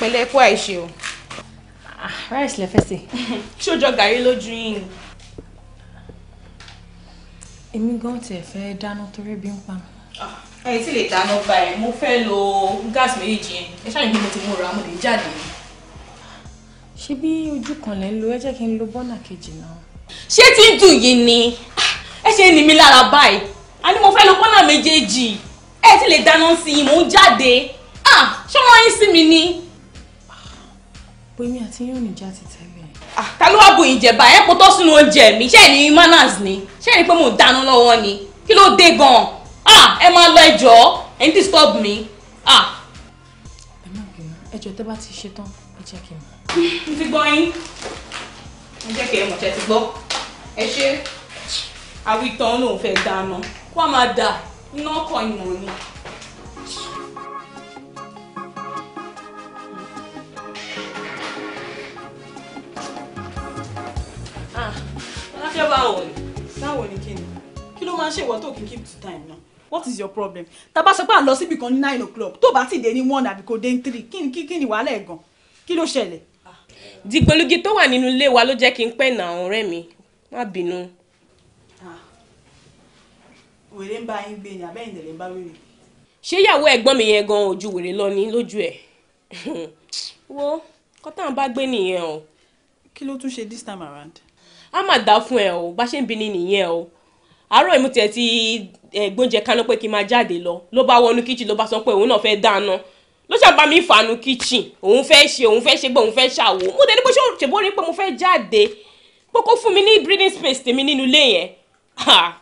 pẹ̀lẹ́ kú àìṣe o. Ah, rice lẹ fẹ́ sè. ṣójọ gàrí lójú yín ni. èmi gan tiẹ̀ fẹ́ dáná torí bí ń pa mi. Ah, ẹ ti lè dáná bá ẹ mo fẹ́ lo gáàsì méjèèjì yẹn ẹ ṣáà ní mo ti mú ra mo lè jáde. ṣé bí ojú kan lẹ ń lo ẹ jẹ́ kí n lo bọ́nà kejì náà. ṣé tí ń dùn yìí ni ah, ẹ ṣe ní mi lára báyìí a ní mo fẹ́ lo bọ́nà méjèèjì ẹ ti lè dáná sí i mò ń jáde ṣé wọ́n yín sí mi ni pé mi àti yóò níjà ti tẹ́lẹ̀. Ah, ta ló wá bu ìjẹ̀bà ẹ̀ kó tó sínú oúnjẹ mi ṣé ní manners ni ṣé ní pé mò dáná lọ́wọ́ ni kí ló dé gan-an ah, ẹ máa lọ ẹjọ́ ẹ ń disturb mi. Ah. ẹ má bínú ẹjọ́ tẹ́ bá ti ṣe tán ẹ jẹ́ kí n mọ̀. n ti gbọ́ yín ẹ jẹ́ kí ẹ mọ̀ ṣe ti gbọ́ ẹ ṣe àwọn ìtàn lòun fẹ́ dáná wọ́n á máa dà iná ọkọ̀ ìmọ̀ ni. jẹ́ báwo ni. báwo ni kí ni kí ló máa ń ṣèwọ́ tó kí keep to time náà what is your problem tá bá sọ pé à ń lọ síbi kan ní nine o'clock tó bá ti dé ní one àbí kò dé ní three kí ni kí ni wàhálà ẹ̀ gan kí ló ṣẹlẹ̀. dìgbòlugi tó wà nínú ilé wa ló jẹ́ kí n pẹ́ nà ọ̀rẹ́ mi má bínú. Ah. wèrè ń bá yín gbé ni àbẹ́yìn tẹ̀lé ń bá wèrè. ṣé ìyàwó ẹ̀gbọ́n mi yẹn gan ojú wèrè lọ ní lójú ẹ̀ wo kọ́tà ń bá gbé nìyẹn o. kí ló tún ṣe this time around á mà dá fún ẹ o bá ṣe ń bi nìyẹn o àárọ̀ ìmú tiẹ̀ ti gbóúnjẹ kaná pé kí n máa jáde lọ ló bá wọnú kíchìn ló bá sọ pé òun náà fẹ́ dáná ló ṣàǹbá mi fàánú kíchìn òun fẹ́ ṣe òun fẹ́ ṣe gbọ́ òun fẹ́ ṣàwò mo tẹ̀lé pé ṣèbó rí pé mo fẹ́ jáde pé kó fún mi ní breathing space tèmi nínú ilé yẹn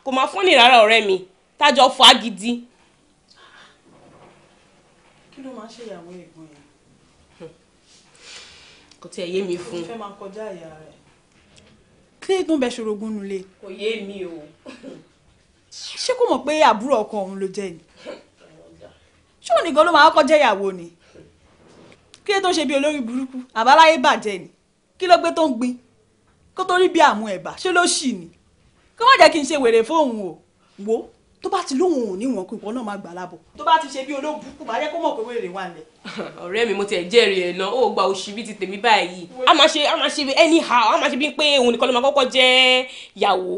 kò máa fún ni rárá ọ̀rẹ́ mi tájọ fọ agidi. kí ló máa ń ṣèyàwó ẹ̀gbọ́n yẹn. kò tiẹ̀ yé mi fún un. fẹ́ máa kọjá ìyá rẹ̀ kílé tó ń bẹ ṣorogún nulẹ̀. kò yé mi o. ṣé kò mọ̀ pé àbúrò ọkọ òun ló jẹ́ ni ṣé òun nìkan ló máa kọ́ jẹ́ ìyàwó ni kílé tó ń ṣe bí olórí burúkú àbáláyé bàjẹ́ ni kí ló gbé tó ń gbin kó tó rí bí àmú ẹ̀bà ṣé ló ṣì ni kó má jẹ́ kí n ṣe wèrè fóun o wò tó bá ti lóhùn òní wọn kó ìwọ náà máa gbà lábọ̀. tó bá ti ṣe bí olóòbùkù máa yẹ kó mọ̀ pé wèrè wà lẹ̀. ọ̀rẹ́ mi mo ti ẹ̀ jẹ́rìí náà ó gba òṣì bíi ti tèmi báyìí a máa ṣe a máa ṣe anyhow a máa ṣe bíi pé òun nìkan ló máa kọ́kọ́ jẹ́ ìyàwó.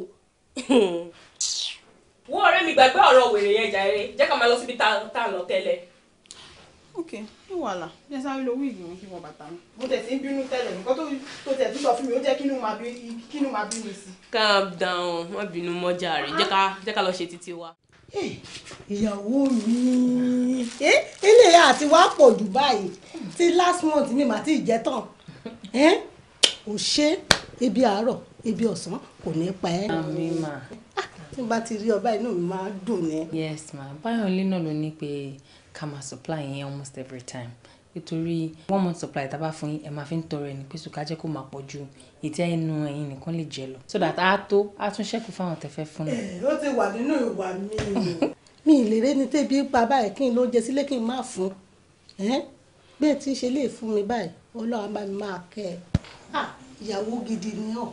wo ọ̀rẹ́ mi gbàgbé ọ̀rọ̀ wèrè yẹn jàre jẹ́ ká máa lọ síbi tá a lọ tẹ́lẹ̀ ok ní wàhálà bí ẹ sáré lówó ìgbìmọ̀ kí wọ́n bàtà mi. mo tẹ̀ sí bínú tẹ́lẹ̀ nǹkan tó tẹ̀ tún sọ fún mi ó jẹ́ kínú máa bí kínú máa bí mi sí. calm down má bínú mọ́jà rẹ̀ jẹ́ ká jẹ́ ká lọ ṣe títí wa. ìyàwó mi eléyà àti wàá pọ̀ jù báyìí tí last month mi màá ti jẹ́ tán ò ṣe ebi àárọ̀ ebi ọ̀sán kò ní pa ẹ́. àmín mà. Ah, tí n bá rí ọba inú mi máa dùn ní. yes ma báyọ̀ nílẹ̀ náà ló ní pé ká máa supply yẹn almost every time nítorí one month supply tá a bá fún yín ẹ máa fi ń tọrọ ẹni pé sùn ká jẹ́ kó máa pọ̀ ju ètí ẹnu ẹ̀yin nìkan lè jẹ lọ so that a tó a tún ṣẹ́kù fáwọn tẹ́fẹ́ fún mi. ó ti wà nínú ìwà mi o. mi ì lè réni tẹ́bi pa báyìí kí n ló jẹ sílé kí n má fún bẹ́ẹ̀ tí ń ṣe lè fún mi báyìí ọlọ́run bá mi máa kẹ́ ẹ. Ah, ìyàwó gidi ni ọ́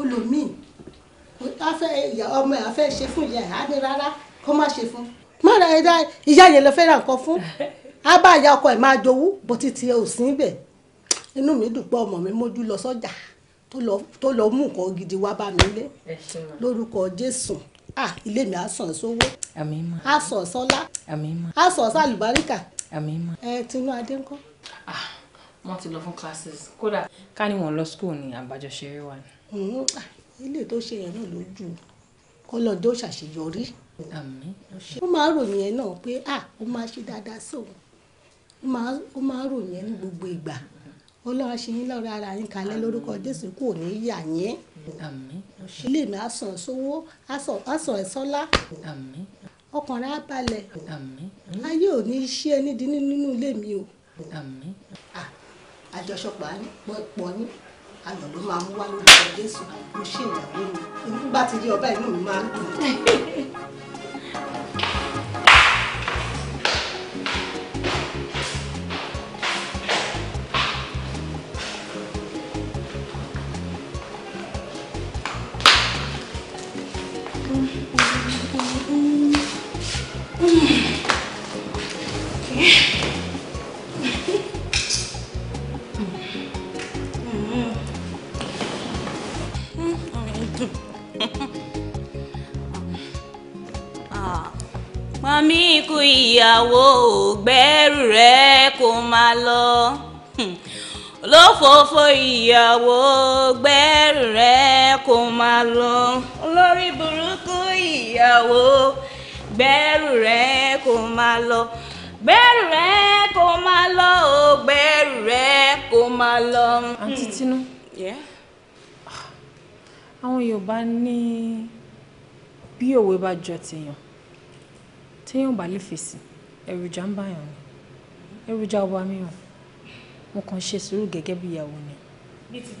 olómi ọmọ ẹ̀ á fẹ́ ṣe fún ìyá ẹ̀ á ní rárá kó má ṣe fún má ra ẹ̀dá ìyá yẹn lọ fẹ́ ra nǹkan fún á bá ìyá ọkọ ẹ̀ máa jowú bó ti tiẹ̀ ò sí bẹ̀ inú mi dùn pé ọmọ mi mójú lọ sọ́jà tó lọ mú nǹkan gidi wá bá mi lé lórúkọ Jésù à ilé mi á sàn sówó á sàn sọ́lá á sàn sálùbáríkà ẹ tinú adé ńkọ́ wọ́n ti lọ fún classes kódà ká ní wọ́n lọ school ní àbájọṣeré wa ni. ilé tó ṣe yẹn náà lójú kọ́lọ́dé ó ṣàṣeyọrí ó máa ròyìn ẹ náà pé à ó máa ṣe dáadáa sóun ó máa ròyìn ẹ ní gbogbo ìgbà ọlọ́run ṣe yín lọ́rọ̀ ara yín kalẹ̀ lórúkọ jésù kò ní í yà yín ilé mi á sàn sówó á sàn ẹ̀ sọ́lá ọkàn rẹ̀ á balẹ̀ ayé ò ní í ṣe ẹni dín nínú ilé mi o àjọṣọpọ̀ pọ̀ ní ayọ̀ ló máa mú wá lórúkọ jésù mo ṣe ìyàwó mi nígbà tí ilé ọba inú mi máa ń dùn. ìyàwó gbẹ́rù rẹ kó máa lọ hmm. olófòófó ìyàwó gbẹ́rù rẹ kó máa lọ olórí burúkú ìyàwó gbẹ́rù rẹ kó máa lọ gbẹ́rù rẹ kó máa lọ o gbẹ́rù rẹ kó máa lọ. àǹtí hmm. tinú àwọn Yorùbá ní bí òwe bá jọ tèèyàn téèyàn bá lè fèsì èròjà ń bàyàn ni èròjà wa mìíràn mo kàn ṣe sùúrù gẹ́gẹ́ bí ìyàwó ni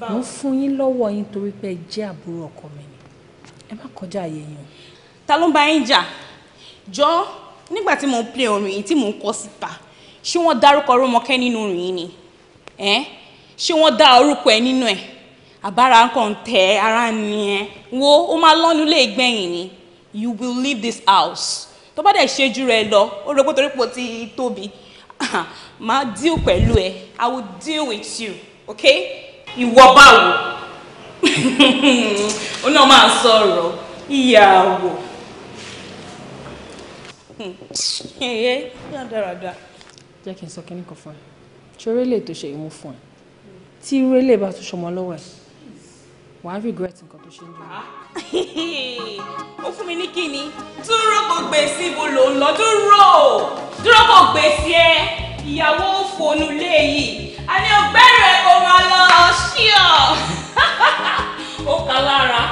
mo ń fún yín lọ́wọ́ yín torí pé ẹ jẹ́ àbúrò ọkọ mi ni ẹ má kọjá àyè yín. ta ló ń bá yín jà jọ nígbà tí mo ń play orin yìí tí mo ń kọ síta ṣé wọ́n dárúkọ Rómọkẹ́ nínú orin yìí ni ṣé wọ́n dá orúkọ ẹ nínú ẹ̀ àbára kan tẹ ara nìyẹn wo ó máa lọ́nu lè gbẹ̀yìn ni you will leave this house tó bá dẹ̀ ṣe ju rẹ̀ lọ ó rẹ pé torí pé ti tóbi máa deal pẹ̀lú ẹ i will deal with you okay ìwọ báwo ó náà máa sọ̀rọ̀ ìyàwó ẹ̀yẹ yóò dáradára. jẹ́ kí n sọ kí nìkan fún ẹ ṣoré lè tó ṣe ìmú fún ẹ tí irú ilé bá tún ṣọmọ lọ́wọ́ ẹ wàá regret nǹkan tó ṣe ń jẹun. Ah, ó fún mi ní kíni dúró kò gbé e sí ibo ló ń lọ dúró dúró kò gbé e sí ẹ ìyàwó fòónù léyìí a ní ọgbẹ́rẹ̀ kò máa lọ ṣíọ̀ ó kà lára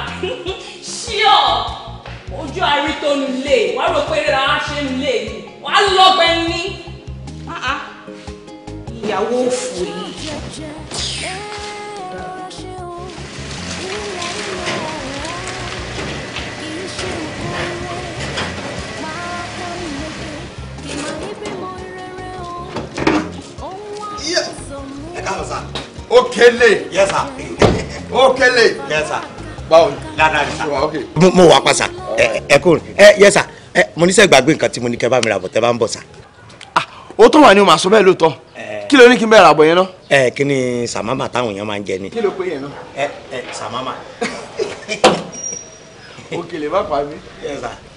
ṣíọ̀ ojú àrítónú lè wàá rò pé ra ṣe ń lè yìí wàá lọ́gbẹ́ ní ìyàwó fòónù. káàbọ̀ sá. Okele. Yes sir. Okele. Yes sir. Báwo ni? Dáadáa ni sá. Mo wà pa sá. Ẹ kúrò. Ẹ yes sir. Ẹ mo ní sẹ́ gbàgbé nǹkan tí mo ní kẹ́ bá mi rà bọ̀ tẹ́ bá ń bọ̀ sá. O tó wà ní o màá sọ bẹ́ẹ̀ lóòótọ́. Kí ló ní kí n bẹ̀rẹ̀ àbọ̀ yẹn náà? Ẹ kí ni sàmámà táwọn èèyàn máa ń jẹ ni? Kí ló pé yẹn náà? Ẹ ẹ sàmámà. òkèlè má pa mí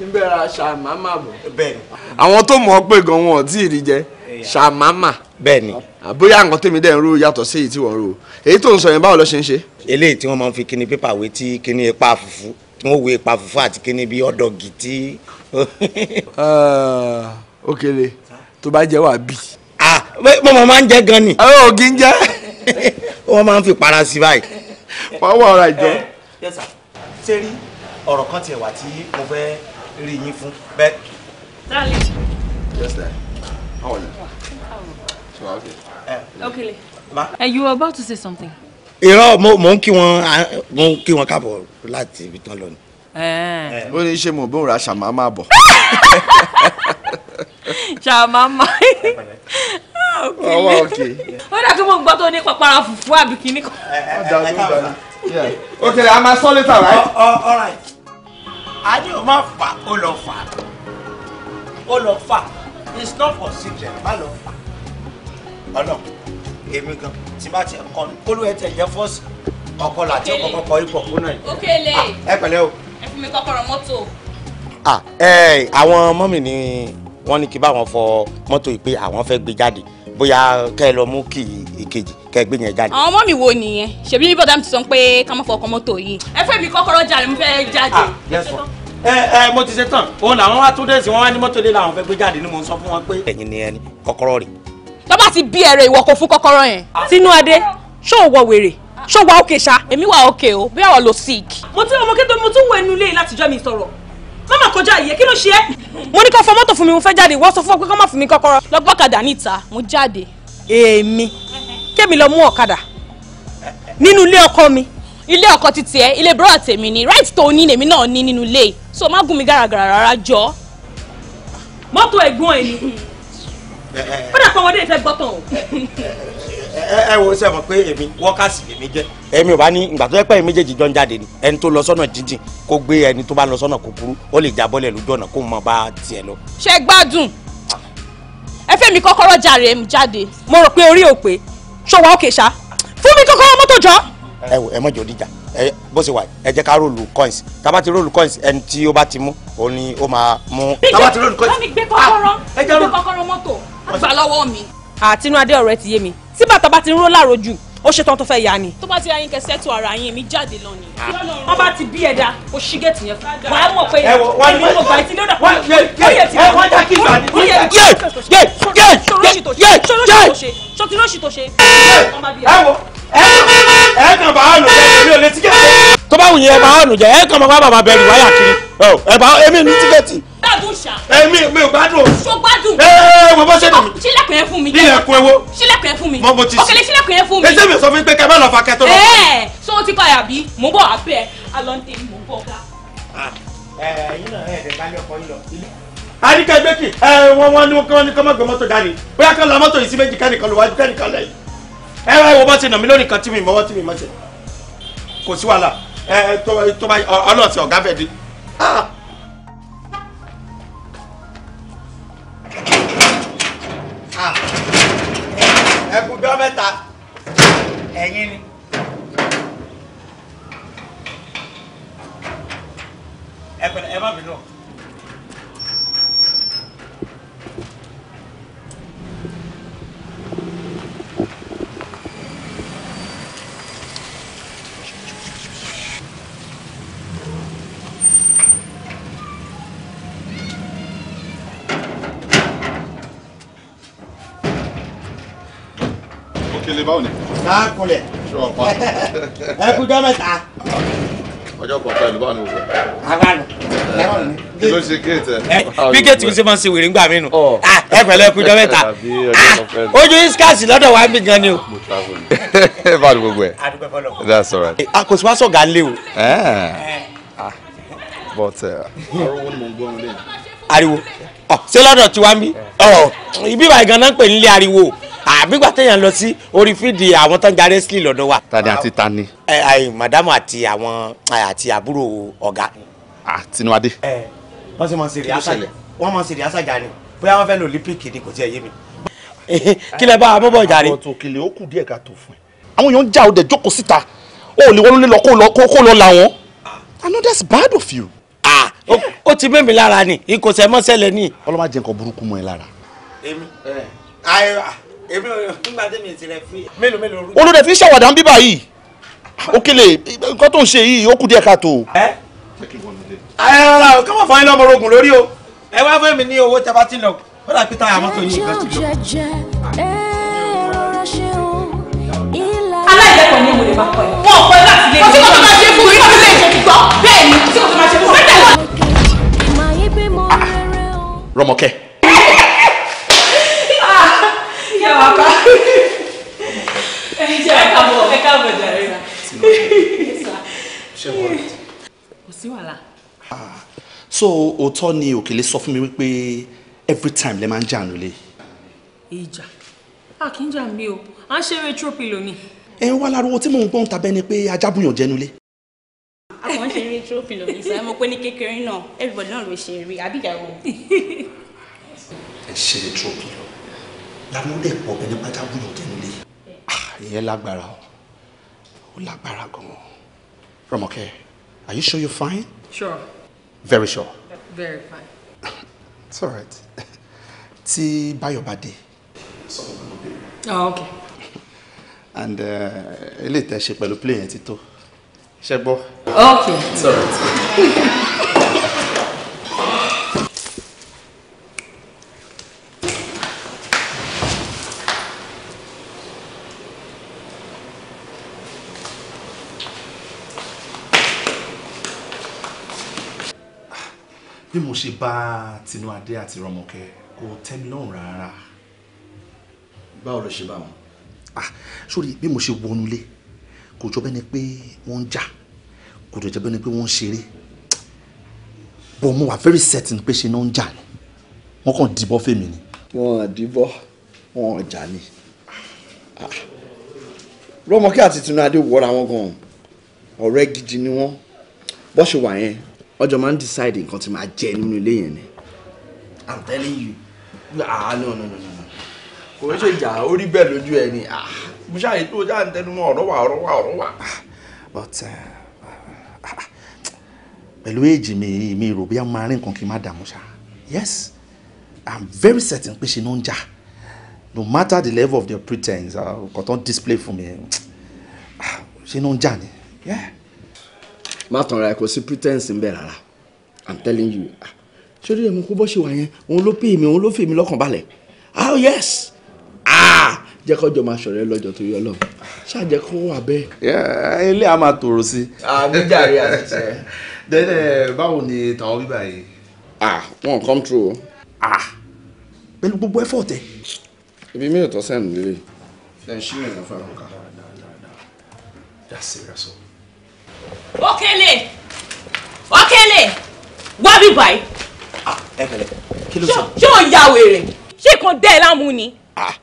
níbẹ̀ ra ṣàmàmà bọ̀. àwọn tó mọ̀ ọ́ pé gan wọn ò tí ì rí jẹ ṣàmàmà. bẹ́ẹ̀ni. Ah, bóyá nǹkan tèmi dẹ̀ ń rò yàtọ̀ sí èyí tí wọ́n rò èyí tó ń sọ yẹn báwo ló ṣe ń ṣe. eléyìí tí wọ́n máa ń fi kíní pépà wé tí kíní ipa fùfú tí wọ́n wé ipa fùfú àti kíní bíi ọ̀dọ̀gì tí. Ah, òkèlè tó bá jẹ́ wà bí. mo mọ̀ máa ń jẹ gan ni. ògì ń jẹ́. wọ́n máa ń fi para sí báyìí. wọ́n wọ ọ̀rọ̀ ìjọ ọ̀rọ̀ kan tiẹ̀ wà tí mo fẹ́ rí yín fún bẹ́ẹ̀. darling. yes darling how are you. so okay. okay. ma. Uh, you were about to say something. irọ́ mo ń kí wọn mo ń kí wọn káàbọ̀ láti ibi tán lọ ni. Eh. Eh. ó ní ṣe mo bóun ra ṣàmá máa bọ̀. ṣàmá máa ọwọ́ òkè. ó dà kí mo gbọ́ tó ní pàpàrà fùfú àbí kìíní kan. ó dà ó dà ó a máa sọ létà right. all right a ní o máa fà ó lọ fà ó lọ fà it's not for secret má lọ fà ọlọ èmi gan tí bá ti kọ kólú ẹ tẹ yẹ fọsí ọkọ láti ọkọ kọkọ ipò fún náà. Okele ẹ pẹ̀lẹ́ o. ẹ fún mi kọ́kọ́rọ́ mọ́tò. àwọn mọ́mì ni wọ́n ní kí bá wọn fọ mọ́tò yìí pé àwọn fẹ́ gbé jáde bóyá kẹ́ lọ mú kì í ìkejì kẹ́ gbé yẹn jáde. àwọn ọmọ mi wo nìyẹn ṣèbí bọ́dà ti sọ pé ká má fọkàn mọ́tò yìí. ẹ fẹ́ mi kọ́kọ́rọ́ jáde mo fẹ́ jáde. Ah, ẹ ẹ mo ti ṣe tán òun làwọn wá tún dé sí wọn wá ní mọ́tò dé làwọn fẹ́ gbé jáde ni mo sọ fún wọn pé. ẹ̀yin ni ẹni kọ́kọ́rọ́ rẹ̀. tó ti bí ẹ̀rẹ̀ ìwọ kò fún kọ́kọ́rọ́ yẹn. Ah. sínú adé ṣó wọ wèrè ṣó wà ókè ṣá èmi wà ókè o bí àwọn lò sick mama kọjá ìyẹ́ kí ló ṣe é. mo ní kó fọ mọ́tò fún mi mo fẹ́ jáde wọ́n sọ fún ọ pé kó má fún mi kọ́kọ́rọ́ lọ́gbọ́kadà níta mo jáde. èmi kémi lọ mú ọ̀kadà nínú ilé ọkọ mi. ilé ọkọ ti tiẹ̀ ilé bọ́rọ̀ tèmi ni right tó ní lèmi náà ní nínú ilé so má gún mi gàràgàrà rárá jọ. mọ́tò ẹ̀gbọ́n ẹ̀ ni eh, eh, eh. ó dà pé ọmọdé ìfẹ́ gbọ́tàn o. ẹ wo ṣe mọ̀ pé èmi wọ́kàsì lèmi jẹ́. èmi ò bá ní ìgbà tó yẹ pé èmi méjèèjì jọ ń jáde ni ẹni tó lọ sọ́nà jíjìn kó gbé ẹni tó bá lọ sọ́nà kúkúrú ó lè jábọ́lẹ̀ lójú ọ̀nà kó mọ bá tiẹ̀ lọ. ṣé gbádùn ẹ fẹ́ mi kọ́kọ́rọ́ jàre mi jáde mo rò pé orí ò pé ṣọwọ́ òkè ṣá fún mi kọ́kọ́rọ́ mọ́tò jọ. ẹ wò ẹ mọ̀jọ́ díjà ẹ bó ṣe wà ẹ jẹ́ ká róòlù coins tá bá ti róòlù coins ẹni tí ó bá ti mú òun ni ó máa mú. tá bá ti róòlù coins. bá mi gbé kọ́kọ́rọ́ ah, gbé kọ́kọ́rọ́ mọ́tò àgbà lọ́wọ́ mi àtinúadé ọ̀rẹ́ ti yé mi tí bàtà bá ti ń ró lárojú ó ṣe tán tó fẹ́ yá ni. tó bá ti ra yín kẹ sẹ́tù ara yín mi jáde lọ ni. wọ́n bá ti bí ẹ̀dá o ṣí géètì yẹn fún wa mọ̀ pé èmi mo gbà tí lọ́dọ̀ kan ó yẹ ti wọ́n já kí ìgbà ni. yé yé yé yé yé yé ṣòtúnṣì tó ṣe. ẹ wo ẹ kàn bá àánú jẹ èmi ò lè tíkẹ́tì. tó bá wù yín ẹ bá àánú jẹ ẹ kàn bá bàbá bẹ̀rù wáyà kiri ẹ bá èmi ní tíkẹ́tì gbádùn ṣá. ẹ mi mi ò gbádùn. ṣó gbádùn. ẹ ẹ wo bó ṣe nà mí. ṣílẹ̀kùn yẹn fún mi. ilẹ̀kùn ẹ wo. ṣílẹ̀kùn yẹn fún mi. mo mo ti. òkèlè ṣílẹ̀kùn yẹn fún mi. ẹsẹ̀ mi sọ fún mi pé kẹ́mẹ́ lọ fa kẹ́tọ́ lọ. ẹ ṣó o ti padà bí mo bọ̀ abẹ́ alọ́ndé mo bọ̀ ga. Ah, ẹ ẹyin náà ẹ̀ ẹ̀dẹ̀ kálí ọkọ yín lọ àríkà gbẹ́kì ẹ wọn wọn ni wọn ní kọ́ mọ́gbẹ́ mọ́tò dání bóyá kan la mọ́tò yìí sí mi mọ́wọ́ mi mọ́ ṣe kò sí wàhálà ẹ tó bá ọlọ́ọ̀sẹ̀ ọ̀gá mẹ́ta ẹ̀yin ni. ẹ pẹ̀lẹ́ ẹ má bínú. délé báwo ni. máa kulẹ̀. ẹ kú jọ mẹ́ta. ọjọ́ kan pẹ̀lú báwo ni o wọ. àwa nù. Eh, kí ló ṣe kéètì ẹ. Eh, bí kéètì kò ṣe máa ń ṣe wèrè ńgbà mí nù. Oh. Ah, ẹ pẹ̀lú ẹ kú jọ ah, ojú iskasi lọ́dọ̀ wa ń gan ni o. bá a dùn gbogbo ẹ. a dùn that's all right. a kò sí wá sọ̀gá lé o. Eh. Ah, but. ariwo ni mo ń gbọ́ wọn lẹ́yìn. ariwo oh, ṣé lọ́dọ̀ tiwa ń bí. Oh, ibi ìbàdàn náà ń pè ní ilé ariwo àbígbà téèyàn lọ sí orí fídì àwọn tó ń ja wrestling lọ́dọ̀ wa. tani àti tani. ẹ ẹ màdàmú àti àwọn àti àbúrò ọ̀gá. àtinúadé. ẹ wọ́n sì mọ̀ sí rìásà wọ́n mọ̀ sí rìásà jà ni bóyá wọ́n fẹ́ lọ olympic ni kò tiẹ̀ yé mi. kí lẹ bá a mọ́bọ̀ jà ni. àwọn tòkèlè ó kù díẹ̀ ká tó fún ẹ. àwọn èèyàn ń jà ó dẹ̀ jókòó síta ó lè wọnú lílọ kó lọ la wọn. I know bad of you. ah ó ti mẹ́mi lára ni ikòsẹ́mọ́sẹ́lẹ̀ ni. ọlọ́mọ jẹ́ nǹkan burúkú mọ́ ẹ lára. èmi ẹ ayé wa èmi ò fi mélòó mélòó rú. olóde fi ṣàwàdà ń bíbà yìí òkèlè nǹkan tó ń ṣe yìí ẹ ẹ rárá fún yín lọmọ ogun lórí o ẹ wá fún mi ní owó tẹ́ bá lọ ó dà pété àmọ́ tó yín nǹkan lọ. aláìlẹ́kọ̀ọ́ ni mo lè máa kọ́ ẹ. wọn ò kọ́ ẹ láti lè. ọtí kò tó máa ṣe fún mi ti gbọ́ bẹ́ẹ̀ ni ọtí kò tó máa ṣe fún mi. Rọ́mọkẹ́ wa pa. ẹ káàbọ̀ ẹ káàbọ̀ jàre. kò sí wàhálà. so òótọ́ ni Òkèlè sọ fún mi wípé every time lè máa ń jà nílé. ìjà a kì í jà mí o à ń ṣeré tropilo ni. ẹ wá lárúwọ tí mò ń gbọ́n tabẹ́ ni pé ajábùyàn jẹ́ nílé. a kàn ń ṣeré tropilo ní sọ ẹ mọ̀ pé ní kékeré náà everybody náà ló ṣe eré àbí ìyàwó. ẹ ṣeré tropilo làwọn ó dẹ̀ pọ̀ ẹni pátá búyàn jẹ́nulé. Ah, ìyẹn lágbára o ó lágbára gan-an Rọ́mọkẹ́ are you sure you're fine. sure. very sure. very fine. it's all right. tí Báyọ̀ bá dé. oh okay. and uh, eléyìí tẹ́ ṣe pẹ̀lú play yẹn ti tó ṣẹ́gbọ́. okay. it's alright. bí mo ṣe bá Tinúadé àti Rọ́mọkẹ́ kò tẹ́ mi lọ́rùn rárá. báwo ló ṣe bá wọn. ah sórí bí mo ṣe wọnúlé kò jọ bẹ́ni pé wọ́n ń jà kò jọ bẹ́ni pé wọ́n ń ṣeré bọ́ mo wà very certain pé ṣe náà ń jà ni wọ́n kàn dìbọ́ fèmí ni. wọn dìbọ́ wọn jà ni ah. Rọ́mọkẹ́ àti Tinúadé wọra wọn gan ọ̀rẹ́ gidi ni wọ́n bó ṣe wà yẹn ọjọ́ máa ń decide nǹkan tí máa jẹ nínú ilé yẹn ni i'm telling you ah no no no no kò ń ṣe ìjà ó rí bẹ́ẹ̀ lójú ẹ ni ah mo ṣáà yìí tó já ń tẹnu mọ́ ọ̀rọ̀ wà ọ̀rọ̀ wà ọ̀rọ̀ wà. Ah, but eh, ah, ah, pẹ̀lú èjì mi mi rò bí a máa rí nǹkan kí n má dààmú ṣá yes i'm very certain pé ṣe ló ń jà no matter the level of their pretense nǹkan uh, tó ń display fún mi ṣe ló ń jà ni yeah má tanra ẹ kò sí pretense ń bẹ rárá i'm telling you ah, ṣé orí ẹ̀mú kó bọ́ ṣe wà yẹn òun ló pè mí òun ló fi mí lọ́kàn balẹ̀ ah yes ah jẹ́ kọ́jọ́ máa ṣọ̀rẹ́ lọ́jọ́ tó yọ lọ́wọ́ ṣáàjẹ́ kó wà bẹ́ẹ̀. ilé a máa tòrò sí. àmì ah, jàre àti tiẹ̀. dẹ́dẹ̀ eh, báwo ni tàwọn bíbá yìí. ah wọn come through. ah pẹ̀lú gbogbo ẹ̀fọ́ tẹ. ibi mi ò tọ́ sẹ́nu lílé. ẹ ṣí ìrìnà fún àwọn kan. that's serious o. Okele! Okele! Wá bí báyìí. Ah, ẹ pẹ̀lẹ́, kí ló sọ? Ṣé o ya wèrè? Ṣé nǹkan dẹ́ ẹ láàmú ni? Ah,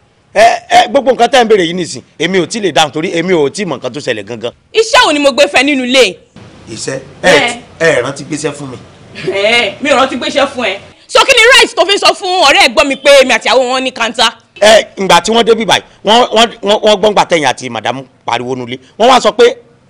gbogbo nǹkan tẹ́ ń béèrè yìí nìsín, èmi ò tí lè dáhùn torí èmi ò tí mọ̀ nǹkan tó ṣẹlẹ̀ gangan. Iṣẹ́ wo ni mo gbé fẹ́ nínú ilé? Iṣẹ́ ẹ ẹ rántí gbéṣẹ́ fún mi. Ẹ mi ò rántí gbéṣẹ́ fún ẹ. Ṣé kí ni rice tó fi sọ fún ọ̀rẹ́ ẹ̀gbọ́n mi pé èmi àti wọn ní kanta? Ẹ ìgbà tí wọ́n débí báyìí, wọ́n gbọ́ngbà tẹ̀yìn àti màdàmú pariwo nulẹ̀. Wọ́n wá sọ pé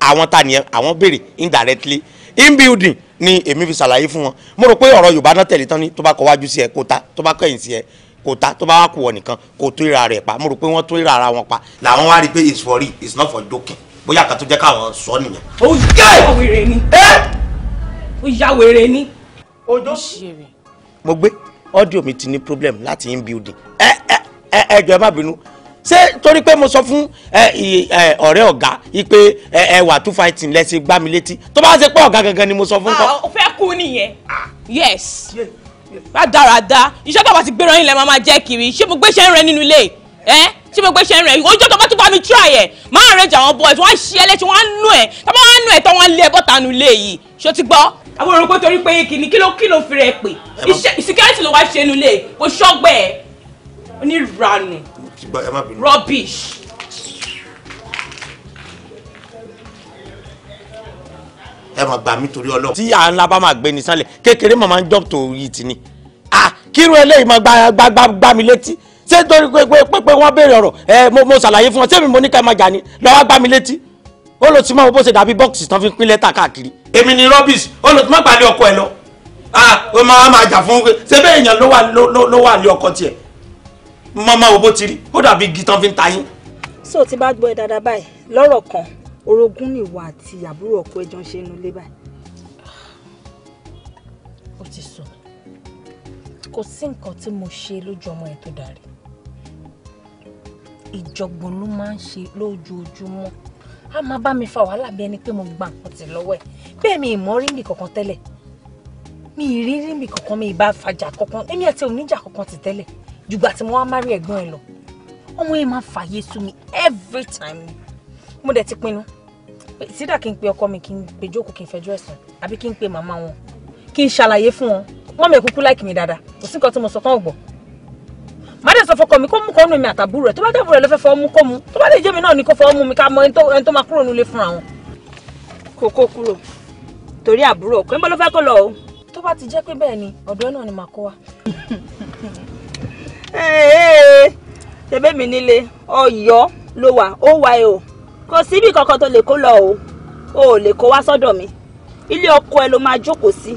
àwọn ta nìyẹn àwọn béèrè indirectly in building ni èmi fi ṣàlàyé fún wọn mo rò pé ọ̀rọ̀ yorùbá náà tẹ̀lé tán ni tó bá kọ wájú sí ẹ kó ta tó bá kẹ́yìn sí ẹ kò ta tó bá wà kú ọ nìkan kò tó ìra rẹ̀ pa mo rò pé wọ́n tó ìra ara wọn pa. làwọn wá rí i pé it's for real it's not for joking bóyá kan tó jẹ́ káwọn sọ nìyẹn. ó yá wèrè ni ó yá wèrè ni. ojú mo gbé ọ́díò mi ti ní problem láti in building ẹ ẹ ẹ ẹ jọ̀ọ́ ẹ má bínú ṣé torí pé mo sọ fún ọ̀rẹ́ ọ̀gá ipe ẹwà two fighting lẹ́sìn gbá mi létí tó bá ṣe pé ọ̀gá gangan ni mo sọ fún kọ́. o ah, fẹ́ kú nìyẹn ah. yes rádaràda iṣẹ́ tó bá ti gbéra yín lẹ́ máa máa jẹ́ kiri ṣé mo gbéṣẹ́ rẹ nínú ilé ẹ ṣé mo gbéṣẹ́ rẹ ojú tó bá tún bá mi try ẹ máa rẹ jà wọn boys wọn ṣí ẹ lẹ́sìn wọn á nù ẹ tó bá wọn á nù ẹ tó wọn lé ẹ bọ́ta nù ilé yìí ṣó ti gbọ́. àwọn òrùn kò torí pé kìnnì kí ló kí ló fi rẹ pè security ló wá ṣe nulẹ̀ kò ṣọ́gbẹ́ ẹ onírànù gba ẹ má bínú. rubbish. ẹ mà gbà mí torí Ọlọ́run. tí à ń lábá máa gbé ní sálẹ̀ kékeré màmá ń jọ́pù tó yìí ti ni kírun eléyìí máa gbá mi létí ṣé torí pé pé wọ́n béèrè ọ̀rọ̀ ẹ mo ṣàlàyé fún ọ ṣé mi mo ní ká ẹ máa jà ni lọ́wọ́ gbá mi létí ó lọ sí mọ́ bó ṣe dàbí bọ́ọ̀sì tán fi pín lẹ́tà káàkiri. èmi ni rubbish ó lọ sí mọ́ gbàlẹ́ ọkọ ẹ lọ ó máa máa jà fún ṣé bẹ́ẹ̀ èèyàn ló wà lé ọkọ tiẹ̀ Mama máa wo bó ti rí ó dàbí igi tán fi ta yín. so ti bá gbọ́ ẹ dáadáa báyìí lọ́rọ̀ kan orogún ni ìwà àti àbúrò ọkọ ẹjọ́ ń ṣe inú ilé báyìí. ó ti sọ kò sí nǹkan tí mo ṣe lójú ọmọ ẹ tó darí ìjọ̀gbọ̀n ló máa ń ṣe a máa bá mi fa wàhálà bí ẹni pé mo gba nǹkan tì lọ́wọ́ ẹ̀ bẹ́ẹ̀ mi ìmọ̀ rí kankan tẹ́lẹ̀ mi ìrírí nbì kankan mi ìbá fajà kankan èmi àti oníjà kankan ti tẹ́lẹ̀ jùgbà tí mo wá má rí ẹ̀gbọ́n ẹ lọ ọmọ yẹn máa fàyè sú mi every time mo dẹ̀ ti pinnu sídà kí n pe ọkọ mi kí n pe jókòó kí n fẹjọ́ ẹ̀sùn àbí kí n pe màmá wọn kí n ṣàlàyé fún wọn wọn mẹ kúkú láìkì mi dáadáa kò sí nǹkan tí mo sọ kán ọgbọ́n màdé sọ fọkọ mi kó mú kọ́nù mi àtàbúrò ẹ̀ tó bá dàbúrò ẹ̀ lọ́fẹ́ fọ́ mú kó mu tó bá lè jẹ́ mi náà ni kó fọ́ mú mi ká mọ ẹni tó máa kúrò nílé fúnra wọn. kò kúrò torí àbúrò ọkọ ńbọ ló fẹ́ kó lọ o. tó bá ti jẹ́ pé bẹ́ẹ̀ ni ọ̀dọ́ náà ni màá kó wa. tẹ̀bẹ́mi nílé ọ̀yọ́ ló wà ó wà ẹ o kò síbi kankan tó lè kó lọ o ò lè kó wá sọ́dọ̀ mi ilé ọkọ ẹ ló máa jókòó sí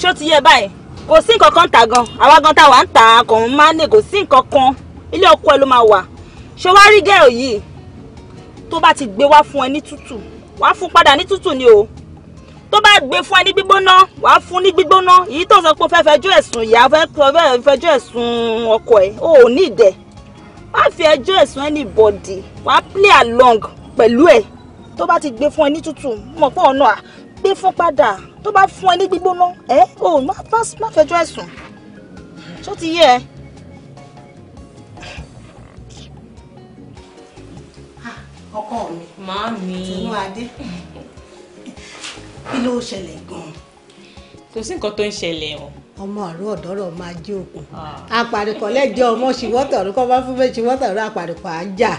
ṣó ti yẹ báyìí kò sí nǹkan kan tà gan àwa gan tá wà ń tà á kàn máa ní kò sí nǹkan kan ilé ọkọ ẹ ló máa wà ṣé wàá rí gẹ́rò yìí tó bá ti gbé wá fún ẹ ní tútù wàá fún padà ní tútù ni o tó bá gbé fún ẹ ní gbígbóná wàá fún ní gbígbóná èyí tó sọ pé o fẹ́ fẹjọ́ ẹ̀sùn ìyá fẹ́ fẹjọ́ ẹ̀sùn ọkọ ẹ̀ o ò ní ìdẹ̀ wàá fi ẹjọ́ ẹ̀sùn anybody wàá play along pẹ̀lú ẹ̀ tó bá ti gbé fún ẹ ní tútù mọ̀ pé ọ̀nà à gbé fún padà tó bá fún ẹ ní gbígbóná ẹ o má fẹjọ́ ẹ̀sùn tó ti yé ẹ. Ah, ọkọ mi. màá tinú adé kí ló ṣẹlẹ̀ gan-an. kò sí nǹkan tó ń ṣẹlẹ̀ o. ọmọ àrùn ọ̀dọ́rọ̀ máa jẹ́ òkun àpàdùkọ̀ ah. lẹ́jọ́ ọmọ ṣìwọ́tọ̀ rẹ kọ́ bá fún bẹ́ẹ̀ ṣìwọ́tọ̀ rẹ àpàdùkọ̀ àjà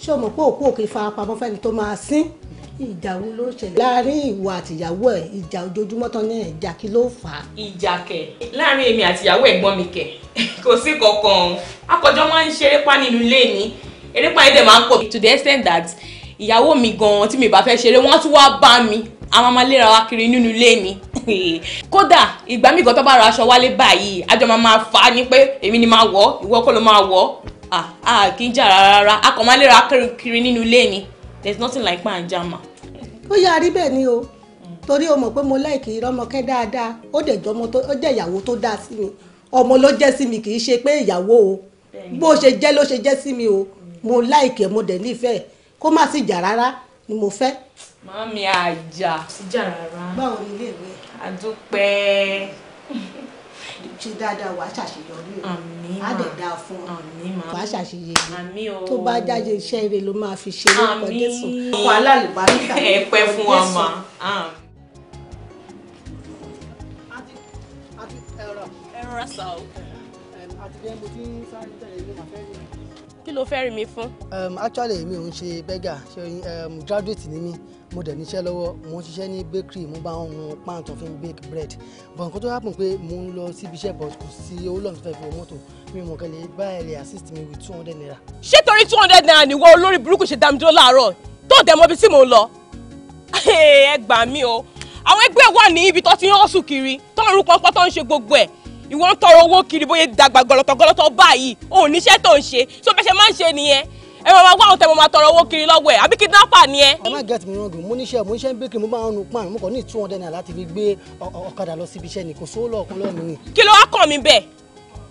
ṣé o mọ̀ pé òkú òkè farapamọ́ fẹ́ni tó máa sín ìjà wo ló ṣẹlẹ̀ láàrin ìwọ àtìyàwó ẹ̀ ìjà ojoojúmọ́ tán ní ẹ̀já kí ló fà á. ìjà kẹ láàrin èmi àtìyàwó ẹ̀gbọ́n mi kẹ kò sí kankan akọjọ máa ń ṣeré pa nínú ilé ni eré pa ẹ̀dẹ̀ máa ń pọ̀. to the extent that ìyàwó mi gan-an tí mi bá fẹ́ ṣeré wọ́n á tún wá bá mi a máa máa léra wa kiri nínú ilé ni kódà ìgbà míì kan tó bá ra aṣọ wálé báyìí àjọ máa máa fà á ní pé èmi ni máa wọ̀ ìwọ kọ́ ló máa wọ̀ a kì í jà rárá a kàn máa léra wa kiri nínú ilé ni there is nothing like pan jama. ó yà rí bẹ́ẹ̀ ni o torí o mọ̀ pé mo láìkì ìrọ́mọkẹ́ dáadáa ó dẹ̀ jọmọ tó ó jẹ́ ìyàwó tó dáa sí mi ọmọ ló jẹ́ sí mi kì í ṣe pé ìyàwó o bó ṣe jẹ́ ló ṣe jẹ́ sí mi o mo láìkì ẹ̀ mo dẹ̀ nífẹ̀ẹ́ kó má sì jà rárá ni mo fẹ́. mọ́mí àjà. ìjà rárá. báwo ni iléèwé. àdúpẹ́. ṣe dáadáa wàá ṣàṣeyọrí o. àmín máa á dẹ̀ dáa fún ọ. àmín máa wàá ṣàṣeyẹ. àmín o. tó bá jáde iṣẹ́ ire ló máa fi ṣe lórúkọ Jésù. àmín ọkọ̀ alálùbáríkà. ẹ pẹ́ fún wa mà. ẹ̀rọ ẹ̀rọ sọ. àti bẹ́ẹ̀ mo ti ń sáré tẹ̀lé ní màfẹ́ kí ló fẹ́ rí mi fún. Um, actually èmi ò ń ṣe bẹ́gà ṣe um, graduate ni mí mo dẹ̀ níṣẹ́ lọ́wọ́ mo ń ṣiṣẹ́ ní bakery mo bá ń hun pan tó fi ń bake bread but nǹkan tó happen pé mo ń lọ síbi iṣẹ́ but kò sí owó lọ́nà tó fẹ́ fi wọ mọ́tò mi mọ̀ kẹ́lẹ́ bá ẹ lè assist mi with two hundred naira. ṣé torí two hundred naira ni wọ́n olórí burúkú ṣe dá mi dúró láàárọ̀ tó dẹ̀ mọ́ ibi tí mo lọ ẹ gbà mí o àwọn ẹgbẹ́ wà ní ibi tó ti ń hàn sùn kiri tó ń rú pọnpọ́n tó ń ṣe gbogbo ẹ̀ ìwọ ń tọrọ owó kiri bóyá dàgbà gọlọtọ gọlọtọ báyìí ò níṣẹ́ tó ń ṣe so bẹ́ẹ̀ ṣe máa ń ṣe nìyẹn ẹ máa wá àwọn tẹ mo máa tọrọ owó kiri lọ́wọ́ ẹ̀ àbí kidnapper ni ẹ. ẹ má get me wrong mo níṣẹ́ mo níṣẹ́ ń bíkì mo máa ń nu pan mo kàn ní two hundred naira láti fi gbé ọ̀kadà lọ síbi iṣẹ́ ni kò sówó lọ́ọ̀kan lọ́ọ̀ mi. kí ló wá kàn mí bẹ́ẹ̀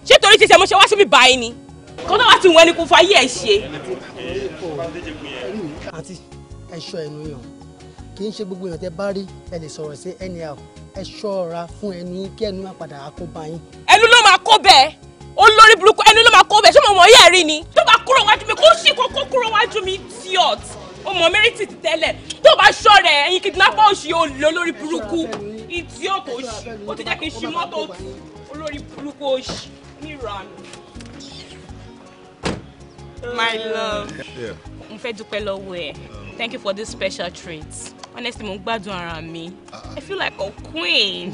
ṣé torí ṣiṣẹ́ mo ṣe wá síbi báyìí ni kọ́ńtà wá ti wọ ẹni kó fa ayé ẹ̀ ṣe. àǹtí ẹ̀ṣọ́ ẹ̀nu yàn kì í ṣe gbogbo èèyàn tẹ bá rí ẹ lè sọ̀rọ̀ sí anyhow ẹ ṣọ́ra fún ẹnu kí ẹnu má padà kó bá yín. ẹnu ló máa kó bẹ́ẹ̀ olórí burúkú ẹnu ló máa kó bẹ́ẹ̀ ṣé mo mọ̀ ọ́ rí ni tó bá kúrò wájú mi kó sì kókó kúrò wájú mi idiot o mọ̀ mẹ́rìtì ti tẹ́lẹ̀ tó bá ṣọ́ra ẹ̀yin kìdínápà òṣì yóò lọ lórí burúkú òṣì ó ti jẹ́ kí n ṣi mọ́tò olórí burúkú òṣì níranù. my love mo fẹ́ dúpẹ́ lọ́wọ́ ẹ̀. Thank you for this special treat. Honestly, mo gbádùn ara mi. I feel like a queen.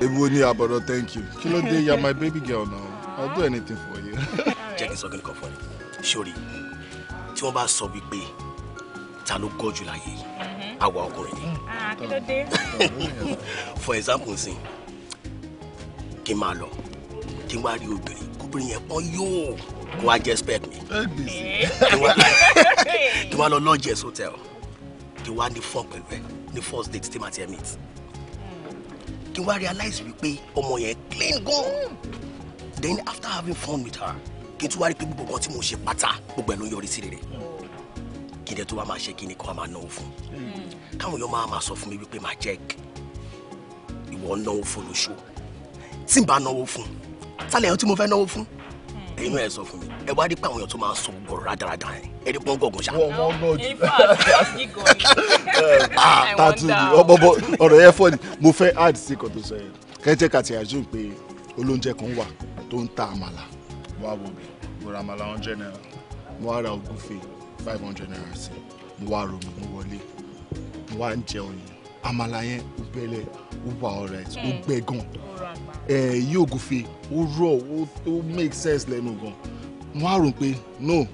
Ewo ni abodo, thank you. Kí ló dé, you're my baby girl now. I'll do anything for you. Jẹ́ kí n sọ kí n kọ̀ fún ẹ. Sori, tí wọ́n bá sọ wípé ta ló gọ́ jù láyé yìí, mm-hmm. àwa ọkùnrin ni. Ah, kí ló For example, nsìn, kí n máa lọ, kí n wá rí obìnrin obìnrin yẹn kọ́ yóò kó wá jẹ́ spec mi eh. kí wá lọ lodges hotel kí wá ní fọ́ pẹ̀lú ẹ̀ ní first date tí màá ti ẹ̀ meet hmm. kí wá realize wípé ọmọ yẹn clean gan then after having fun with her kí n tún wá rí pé gbogbo nǹkan tí mo ṣe pátá gbogbo ẹ̀ ló ń yọrí sí rere hmm. kí n dẹ̀ tó wá máa ṣe kí ni kó wá máa náwó fún hmm. káwọn èèyàn máa máa sọ fún mi wípé máa jẹ́ ìwọ náwó fún lóṣù tí n bá náwó fún un sálẹ̀ ẹ̀ tí mo fẹ́ náwó fún ẹ̀yin hmm. náà sọ fún mi ẹ wá rí pé àwọn èèyàn tó máa ń sọ gbọ̀rọ̀ rádaràda yẹn ẹ rí pọ́ńgọ̀gùn ṣá. wọ́n náà jù tàtú ni ọmọ bọ ọ̀rọ̀ yẹn fọ́ ni mo fẹ́ add sí kan tó sọ yẹn kẹ́jẹ́ kàtí àjò pé olóúnjẹ kan wà tó ń ta àmàlà mo wá wo mi mo ra àmàlà hundred naira mo wá ra ògúnfe five hundred naira sí mo wá ro mo wọlé mo wá ń jẹun yẹn àmàlà yẹn ó bẹ̀lẹ̀ ó wà alright ó eh, gbẹ gan èyí eh, ògùnfe ó rọ̀ ó make sense lẹ́nu gan wọ́n á rò pé no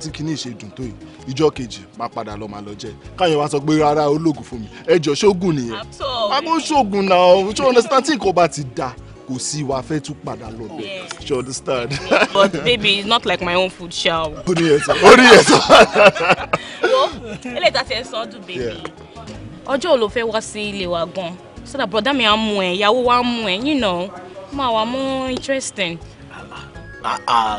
tí kìíní ṣe dùn tó yìí ìjọ kejì máa padà lọ máa lọ jẹ káyọ̀ wá sọ pé rárá olóògùn fún mi ẹjọ́ ṣóògùn nìyẹn àmọ́ ṣóògùn náà ṣó understand tí nǹkan ti dà kò sí wa fẹ́ tún padà lọ bẹ̀ ṣe understand. but baby it's not like my own food ṣá o. ó ní ẹ̀sán ó ní ẹ̀sán. wo eléyìí tá a ti ẹ̀ sọ́ baby ọjọ́ ò ló fẹ́ wá sí ilé wa gan so that brother mi á mú ẹ ìyàwó wa á mú ẹ you know máa wà mú interesting.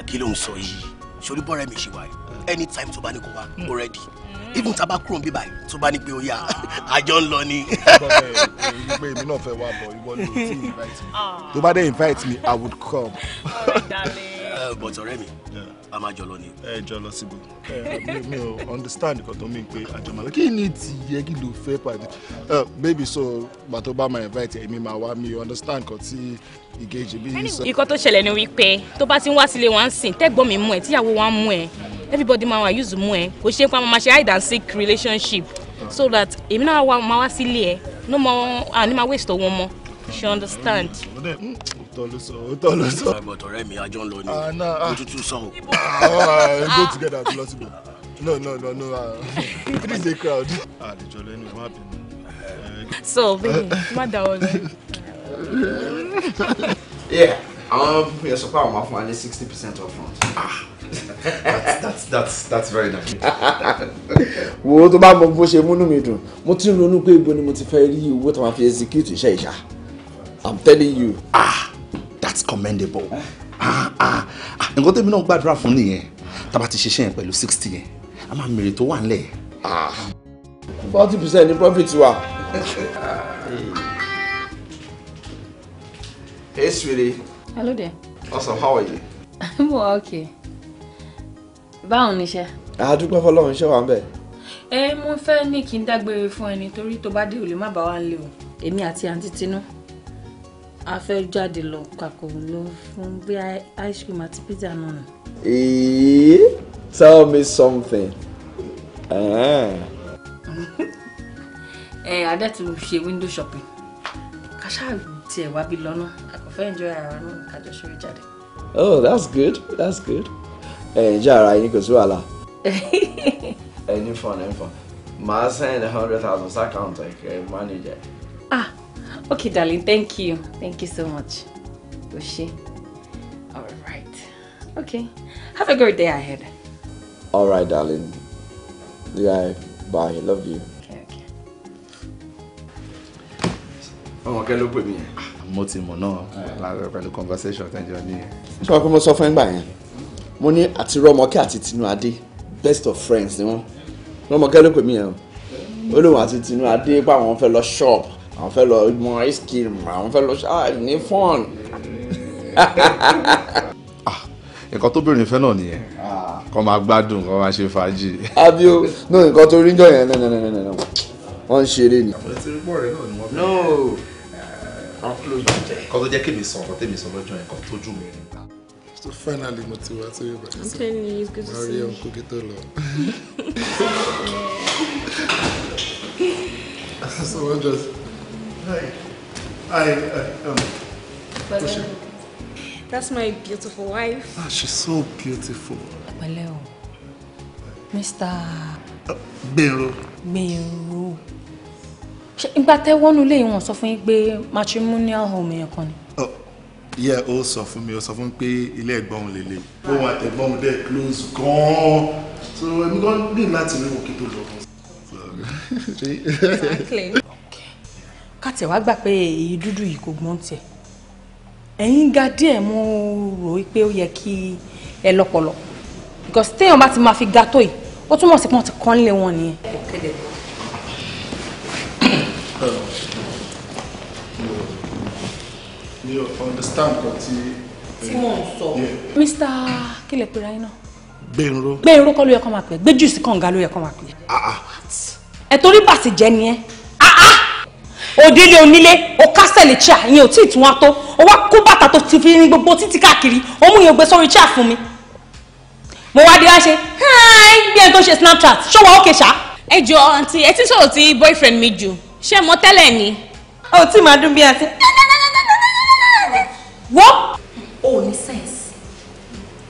kí ló ń sọ yìí sori bọ́ọ̀rẹ́ mi ṣe wá yìí anytime tó bá ní kó wá hmm. mo ready even tá a bá kúrò níbí báyìí tó bá ní pé ó yá àjọ ń lọ ni. pé èmi náà fẹ́ wá bọ̀ ìwọ ni o ti invite me ah. tó bá dé invite me i would come. ọ̀rẹ́ uh, but ọ̀rẹ́ mi. Uh, a máa jọ lọ ni. ẹ jọ lọ síbo mi ò understand nǹkan tó mean pé àjọmọ kí ni tìyẹ kí ló fẹ́ pàdé baby so gbàtó bá máa invite èmi máa wá mi understand nǹkan tí ìkejì bí. nǹkan tó ṣẹlẹ̀ ni wípé tó bá ti ń wá sílé wa sìn tẹ́gbọ́n mi mú ẹ tíyàwó wa mú ẹ everybody máa wà use mú ẹ kò ṣe é pa máa ṣe hide and seek relationship ah. so that èmi náà máa wá sílé ẹ no mọ àní máa waste owó mọ she understand. Mm, mm, mm òótọ́ ló sọ òótọ́ ló sọ. ọmọ ọ̀rẹ́ mi ajọ́ ń lọ ni mo ah, tútù sọ o. Ah, go together àti lọ síbò no no no no three ah. day crowd. àlejò lẹ́nu má bínú. so baby má dáwọ́ lọ. àwọn yẹn sọ pé àwọn máa fún wa ní sixty percent off front. that's, that's, that's, very nice. wo tó bá mọ bó ṣe múnú mi dùn mo ti ń ronú pé ibo ni mo ti fẹ́ rí owó tó máa fi execute iṣẹ́ ìṣá i'm telling you. Ah that's commendable ah, ah, ah. nǹkan tẹ́mi náà gbàdúrà fún nìyẹn tá a bá ti ṣiṣẹ́ yẹn pẹ̀lú sixty yẹn a máa mèrè tó wà ńlẹ̀. forty percent ni profit wa. hey sweetie. hello there. awesome how are you. I'm okay. báwo ni iṣẹ́. àdúgbò fọlọ́run iṣẹ́ wa ń bẹ̀. ẹ eh, mo fẹ́ ní kí n dágbére fún ẹni torí tó bá dé ò lè má bá wa ń lé o èmi àti àǹtí tinú a fẹ́ jáde lọ kàkó lọ fún bí ice cream àti pizza náà nù. ee tell me something. ẹ adé ti ṣe window shopping ká ṣáà tiẹ̀ wá bí lọ́nà àkọ́fẹ́ enjoy ara náà kájọ ṣeré jáde. oh that's good that's good. ẹ ǹjẹ́ ara yín kò sí wàhálà. ẹ ní fọn ẹ ní fọn màá send hundred thousand sí àkáǹtì ẹ eh, manager. ah Okay, darling, thank you. Thank you so much. Oshi. All right. Okay. Have a great day ahead. All right, darling. Yeah, bye. Love you. Okay, okay. Oh, okay, look with me. Mo ti mọ̀ náà lára pẹ̀lú conversation tẹ́jọ́ ní. Ṣé wàá pé mo sọ fún ìgbà yẹn? Mo ní àti Rọ́mọkẹ́ àti Tinú Adé best of friends ni wọ́n. Rọ́mọkẹ́ ló pè mí yẹn o. Ó lóun àti Tinú Adé pé àwọn lọ ṣọ́ọ̀bù àwọn fẹ́ lọ mọ ice cream àwọn fẹ́ lọ ṣáàlì ní fọ́ọ̀n. Ah, nǹkan tó bèrè fẹ́ náà nìyẹn ah. kọ́ máa gbádùn kọ́ máa ṣe fàájì. àbí o no nǹkan tó rí jọ yẹn nẹ nẹ nẹ nẹ wọ́n ń ṣeré ni. no kọ́ tó jẹ́ kémi sọ ọ̀rọ̀ tèmi sọ lọ́jọ́ yẹn kọ́ tójú mi rí ta. So finally mo ti wá sí ibà sí. I'm telling you, it's good to see you. Maria Okokito lọ. So wọ́n just. Hi. hi. um. What's your... That's my beautiful wife. Ah, she's so beautiful. Apaleo. Mr. Oh, Gbero. Gbero. Ìgbà tẹ́ wọnú ilé yìí wọ́n sọ fún yín pé matrimonial home yẹn kan ni. Oh, Yẹ ó sọ fún mi, ó sọ fún mi pé ilé ẹ̀gbọ́n òun lélẹ̀. Ó wà ẹ̀gbọ́n òun dẹ̀ close gan-an. So èmi gan ní láti rí òkè tó lọ. Exactly àtẹ̀ wá gbà pé èyí dúdú yìí kò gbọ́n tiẹ̀ ẹ̀yin ga díẹ̀ mo rò pé ó yẹ kí ẹ lọ́pọlọ because téèyàn bá ti máa fi ga tó yìí ó túmọ̀ sí pé wọ́n ti kán lé wọn nìyẹn. mi ò understand kan tí. tí mò ń sọ. mr kílẹ̀ pera yín náà. gbẹ̀rọ. gbẹ̀rọ kọ́ ló yẹ kó máa pè é gbẹ́jù sí kànga ló yẹ kó máa pè é. Ah, ah. ẹ̀ torí bàtì jẹ́ ni òdílé onílé o kásẹ̀lì chair ìyẹn ò tí ì tún wá tó o wá kó bàtà tó ti fi ní gbogbo títí káàkiri o mú ìyẹn gbé sórí chair fún mi mo wá di wá hi bí ẹni tó ṣe snapchat ṣó wa ókè ṣá. ẹ jọ àǹtí ẹ ti sọ̀rọ̀ tí boyfriend mi jù ṣé mo tẹ́lẹ̀ ni. ó tí màá dún bí a ti. wọ́n. o ò ní sẹ́ǹsì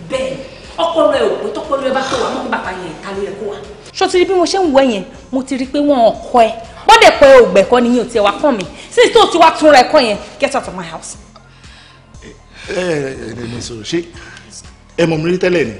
bẹ́ẹ̀ ọpọlọ ẹ ò pé tọpọlọ ẹ bá tó wà mọ́ bàbá yẹn ìta ló yẹ kó wà. ṣó ti bí mo ṣe ń wọ bọ́dẹ̀ pé ògbẹ̀kọ́ ni yín ò tiẹ̀ wá kàn mí since tó ti wá tún ra ẹ̀kọ́ yẹn get out of my house. ẹ ẹ ẹ mi sọ̀rọ̀ ṣé ẹ mọ̀ mi rí tẹ́lẹ̀ ni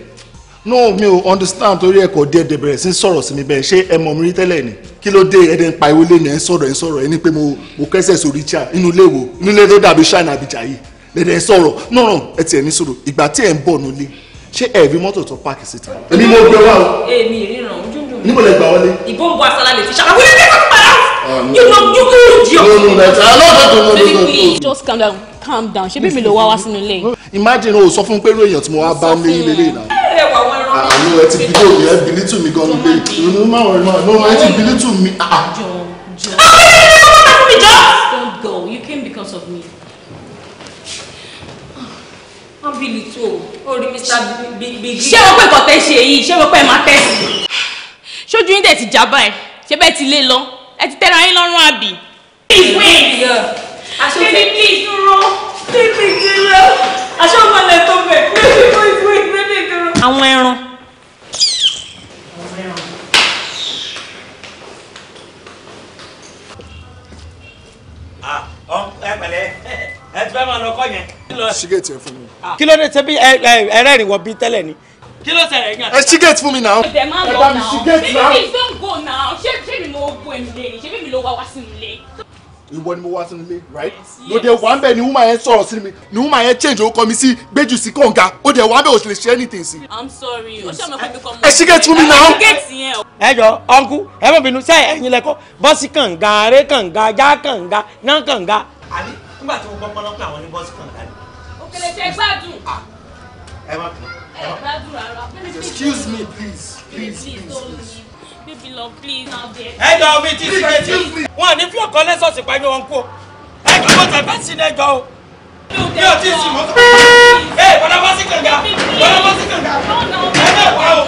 no mi ò understand torí ẹ̀kọ́ díẹ̀ díẹ̀ bẹ̀rẹ̀ sí sọ̀rọ̀ sí mi bẹ́ẹ̀ ṣé ẹ mọ̀ mi rí tẹ́lẹ̀ ni kí ló dé ẹ̀dẹ̀ ń pa ìwé lé ní ẹ̀ ń sọ̀rọ̀ ẹ̀ ń sọ̀rọ̀ ẹ̀ ní pé mo mo kẹ́sẹ̀ sórí chair inú ilé wo inú ilé tó dàbí ṣáìnà àbíjà yìí lẹ́dẹ̀ sọ̀rọ̀ náà ẹ tiẹ̀ ní sọ̀rọ̀ ìgbà tí ẹ̀ ń bọ̀ nulẹ̀ ṣé ẹ̀ mọ́tò tó páàkì síta. èmi mo gbé wa o. èmi ìríran ojú níbo lẹ gbà wọlé. ìbọn bu asala lè fi ṣàlàyé wíwí ní kókó bàrà you know you go jọ. no no no i no go to no no no. just calm down calm down ṣé bíbí ló wá wá sínú ilé imagine o sọ fún pé ròyìn tí mo wá bá ní ilé ilé náà. àánú ẹ ti bí òbí ẹ bìlí tù mí gan ló dé ìrònú máa wọ̀nyí máa náà ẹ ti bìlí tù mí. don't go you came because of me. wọ́n bí lè tó o rí mr bigi. ṣé o pé kò tẹ́ ṣe yìí ṣé o pé máa tẹ́ sí i ṣojú yín dẹ̀ ti jà báyìí ṣé bẹ́ẹ̀ ti lé lọ ẹ ti tẹ́ra yín lọ́rùn àbí. Baby, please dúró. Baby, dúró. Aṣọ ọmọ lẹ̀ tó bẹ̀. Baby, wait, wait, baby, dúró. Àwọn ẹran. Ah, ẹ pẹ̀lẹ́ ẹ ti fẹ́ máa lọ kọ́ yẹn. ṣígẹ̀tì ẹ fún mi. Ah. kí ló dé tẹ́bí ẹ ẹ rẹ́rìn wọ bí tẹ́lẹ̀ ni kí ló ṣẹlẹ̀ yín àti. ẹ ṣí gate fún mi náà. ẹ bá mi ṣí gate náà. bíbí don go now ṣé ṣé mi mo bo èmi lè ṣé mi ló wá wá sínú ilé. ìwọ ni mo wá sínú ilé right lóde wà ń bẹ ni woman yẹn sọ̀rọ̀ sí mi ni woman yẹn change orúkọ mi sí gbéjù sí kànga ó dẹ̀ wà ń bẹ ò sì lè ṣe anything sí. i'm sorry o ṣe ọmọ kan mi kọ mọ. ẹ ṣí gate fún mi náà. ẹ jọ ọkú ẹ mọ̀ bínú sẹ́yìn ẹ̀yin lẹ́kọ́ bọ́sì kànga aré kànga já kànga ná kànga. àbí nígbà tí mo gbọ́ pọ́nlọ́pọ̀ àwọn ní bọ́sì kànga ni. òkèlè ṣe gbádùn. Ah, ẹ má kàn excuse me please please please. baby love please now there. ẹ jọ omi tí ṣe ti wọn ní fi ọkọ lẹsọọsì pàmì wọn kú ẹ jọ mọtò ẹ bá sí ní ẹjọ o mi ò tí ì sí mọtò ẹ bọdà bá sí kànga bọdà bá sí kànga ẹ bẹ wà o.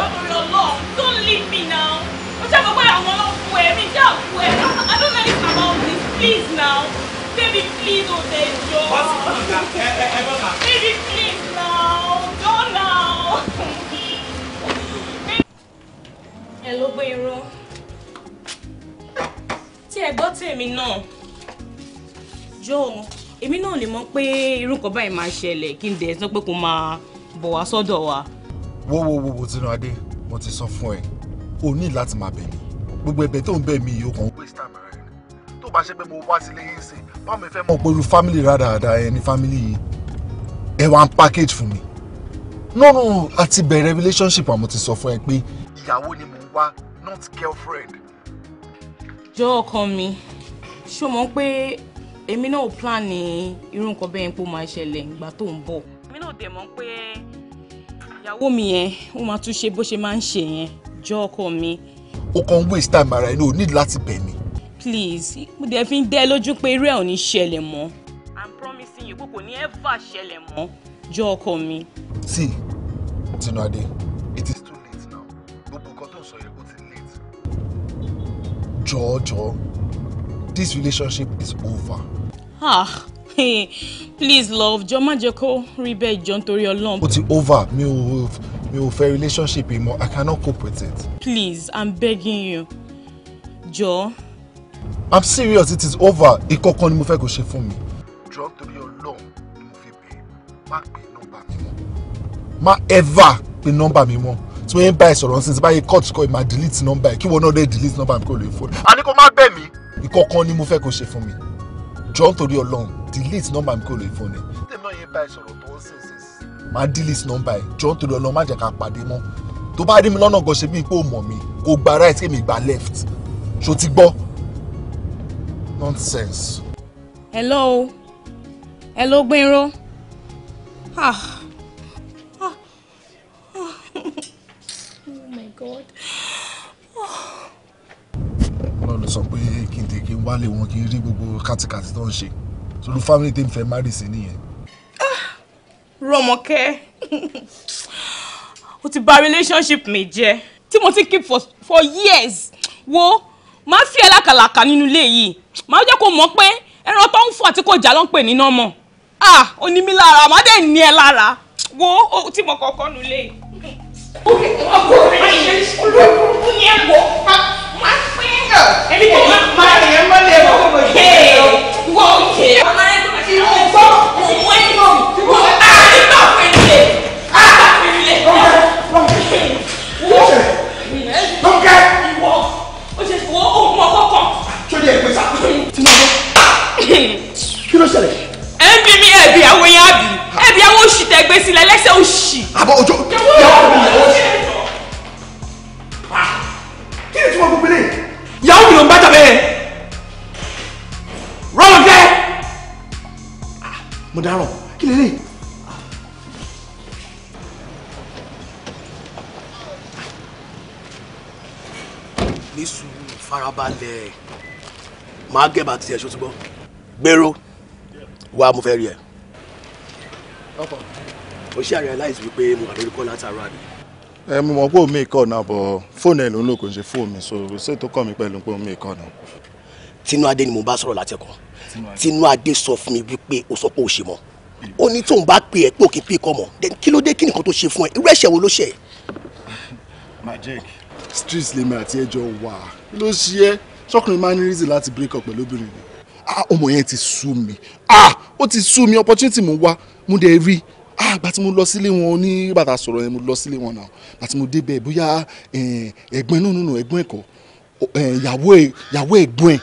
don't leave me now mo ṣe àgbàgbọ́ àwọn ọlọ́kùn ẹ̀ mi jẹ́ i don't know if i'm this please now baby please o oh, dey jọ. baby please. Oh. ẹ ló gbé irọ́ tí ẹ gbọ́ tèmi náà jọ èmi náà lè mọ̀ pé irú nǹkan báyìí máa ṣẹlẹ̀ kí n dẹ̀ sọ pé kò máa bọ̀ wá sọ́dọ̀ wa. wo wo wo wo tinú adé mo ti sọ fún ẹ o ní láti máa bẹ̀ mí gbogbo ẹ̀bẹ̀ tó ń bẹ̀ mí yìí ó kàn waste time rẹ tó bá ṣe pé mo wá sílé yín sí báwo mi fẹ́ mọ̀ pé irú family rádaràda ẹ ní family yìí ẹ wá ń package fún mi. no no àti bẹ̀rẹ̀ relationship àmọ́ ti sọ fún ẹ pé ìyàwó ni mo wa not girlfriend. jọ ọkàn mi ṣó mọ̀ pé èmi náà plan ní irú nǹkan bẹ́ẹ̀ pé ó máa ṣẹlẹ̀ ìgbà tó ń bọ̀. èmi náà dẹ̀ mọ̀ pé ìyàwó mi yẹn ó máa tún ṣe bó ṣe máa ń ṣe yẹn jọ ọkọ mi. ó kàn waste time ara ẹ ní o need láti bẹ̀ mí. please mo dẹ̀ fi ń dẹ́ lójú pé irú ẹ̀ ò ní ṣẹlẹ̀ mọ́. i'm promising you pé kò ní ever ṣẹlẹ̀ mọ́ jọ ọkọ mi. see Tinuade. jọ̀ọ́ jọ̀ọ́ this relationship is over. ah please love jọ má jẹ́ kó rí bẹ́ẹ̀ jọ nítorí Ọlọ́run. ó ti over mi ò mi ò fẹ́ relationship yìí i cannot cope with it. please i'm begging you Jo. i'm serious it is over ìkọ̀kan ni mo fẹ́ kó ṣe fún mi. jọ̀ọ́ nítorí Ọlọ́run ni mo fi bẹ̀ má pe nọ́mbà mi mọ́ má ever pe nọ́mbà mi mọ́ tí wọ́n bá ẹ sọ̀rọ̀ nísinsìnyí báyìí court kọ́ ẹ máa delete number ẹ kí wọn náà dé delete number mi kó lè fóònù àní kó má bẹ̀ mí ìkọ̀kan ni mo fẹ́ kó ṣe fún mi jọ̀ọ́ nítorí ọlọ́run delete number mi kó lè fóònù ẹ. tèmi náà yẹn bá ẹ sọ̀rọ̀ tó ń sìn sí máa delete number ẹ jọ̀ọ́ nítorí ọlọ́run má jẹ́ ká pàdé mọ́ tó bá rí mi lọ́nà gan ṣe bíi pé ó mọ̀ mi kò left ṣó ti gbọ́ nonsense. hello hello gbẹ̀rọ ah God. Ọlọ́run sọ pé kí n tèké wálé wọn kí n rí gbogbo kàtìkàtì tó ń ṣe. Sọlú fámìlì tèmi fẹ́ má rèsì nìyẹn. Ah, Rọmọkẹ́, o ti bà relationship mi jẹ́ tí mo ti keep for, for years. Wo máa fi ẹ́ lákàlàkà nínú ilé yìí. Màá jẹ́ kó mọ̀ pé ẹran tó ń fọ̀ tí kò já ló ń pè ní nọ́mọ̀. Ah, ó ní mi lára, màá dẹ̀ ní ẹ lára. Wo o ti mọ̀ kọ̀ọ̀kan nulẹ̀ yìí ó kẹ́kọ̀ọ́ ọkọ rẹ̀ ṣe olóògùn ní bá tiẹ̀ ṣó túbọ̀ gbèrò wá mo fẹ́ rí ẹ. o ṣe realize wípé mo wà lórí kọ́ látàárọ̀ àbí. ẹ mo mọ̀ pé omi ìkọ́ náà bọ̀ fóònù ẹ̀ ló ń lò kò ń ṣe fóònù mi so ṣé tó kàn mí pẹ̀lú pé omi ìkọ́ náà. Tinúadé ni mo bá sọ̀rọ̀ láti ẹ̀kọ́ Tinúadé sọ fún mi wípé o sọ pé o ṣe mọ́ ó ní tóun bá pè ẹ́ pé òkè pè kọ́ mọ́ then kí ló dé kí nìkan tó ṣe fún ẹ irú ẹ̀ṣẹ̀ wo ló ṣe. Magic street lèmi àti ẹjọ wà ló ṣe é ṣọkùnrin máa ń ní reason láti break up pẹ̀lú obìnrin ni ah ọmọ yẹn ti sú mi ah ó ti sú mi opportunity mo wá mo dẹ̀ rí ah gbà tí mo lọ sílé wọn ní bàtà sọ̀rọ̀ yẹn mo lọ sílé wọn náà gbà tí mo débẹ̀ bóyá eh, ẹ̀gbọ́n nínú nínú ẹ̀gbọ́n ẹ̀kọ́ eh, ìyàwó ẹ̀gbọ́n ẹ̀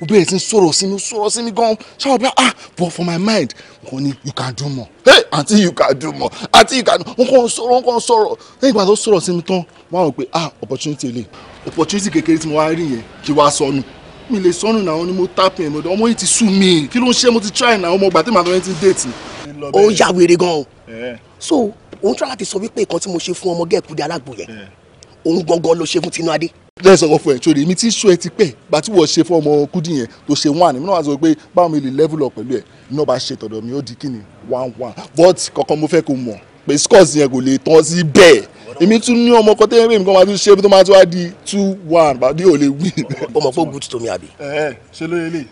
ó bẹ̀rẹ̀ sí sọ̀rọ̀ sí mi sọ̀rọ̀ sí mi gan ṣáà bá ah but for my mind wọn ni you can do more hey aunty you can do more aunty you can do wọn kàn sọ̀rọ̀ wọn kàn sọ̀rọ̀ lẹ́yìn ìgbà tó sọ̀rọ̀ sí mi tán wọn á rò pé ah opportunity le opportunity kékeré tí mo wá rí yẹn kí wàá sọnù mi lè sọnù náà ni mo tap in mo dé ọmọ yìí ti sú mi kí ló ń ṣe mo ti try náà ọmọ ọgbà tí màá lọ́yẹ́ ti déètì. ó ya wèrè gan o so òun tí wàá láti sọ wípé nǹkan tí mo ṣe fún ọmọ gẹ́ẹ̀kú alágbó yẹn òun gangan ló ṣe fún tinú adé. jẹ́ ìsọ̀rọ̀ fún ẹ̀ sórí mi tí sọ ẹ ti pẹ́ bá tí wọ́n ṣe fún ọmọ kúdì yẹn tó ṣe wọ́n àná mi náà sọ pé báwo mi lè level up pẹ̀lú ẹ̀ iná bá ṣe tọ̀dọ̀ mi ó di kíni one one but kankan mo fẹ́ kó mọ̀ pé scores yẹn kò lè tán sí bẹ́ẹ̀ èmi tún ní ọmọ kan tẹ́yìn pé nǹkan máa tún ṣe tó máa tún wá di two one bàdí ò lè win. ọmọ fún good to me àbí. ẹ ṣe ló yẹ lè.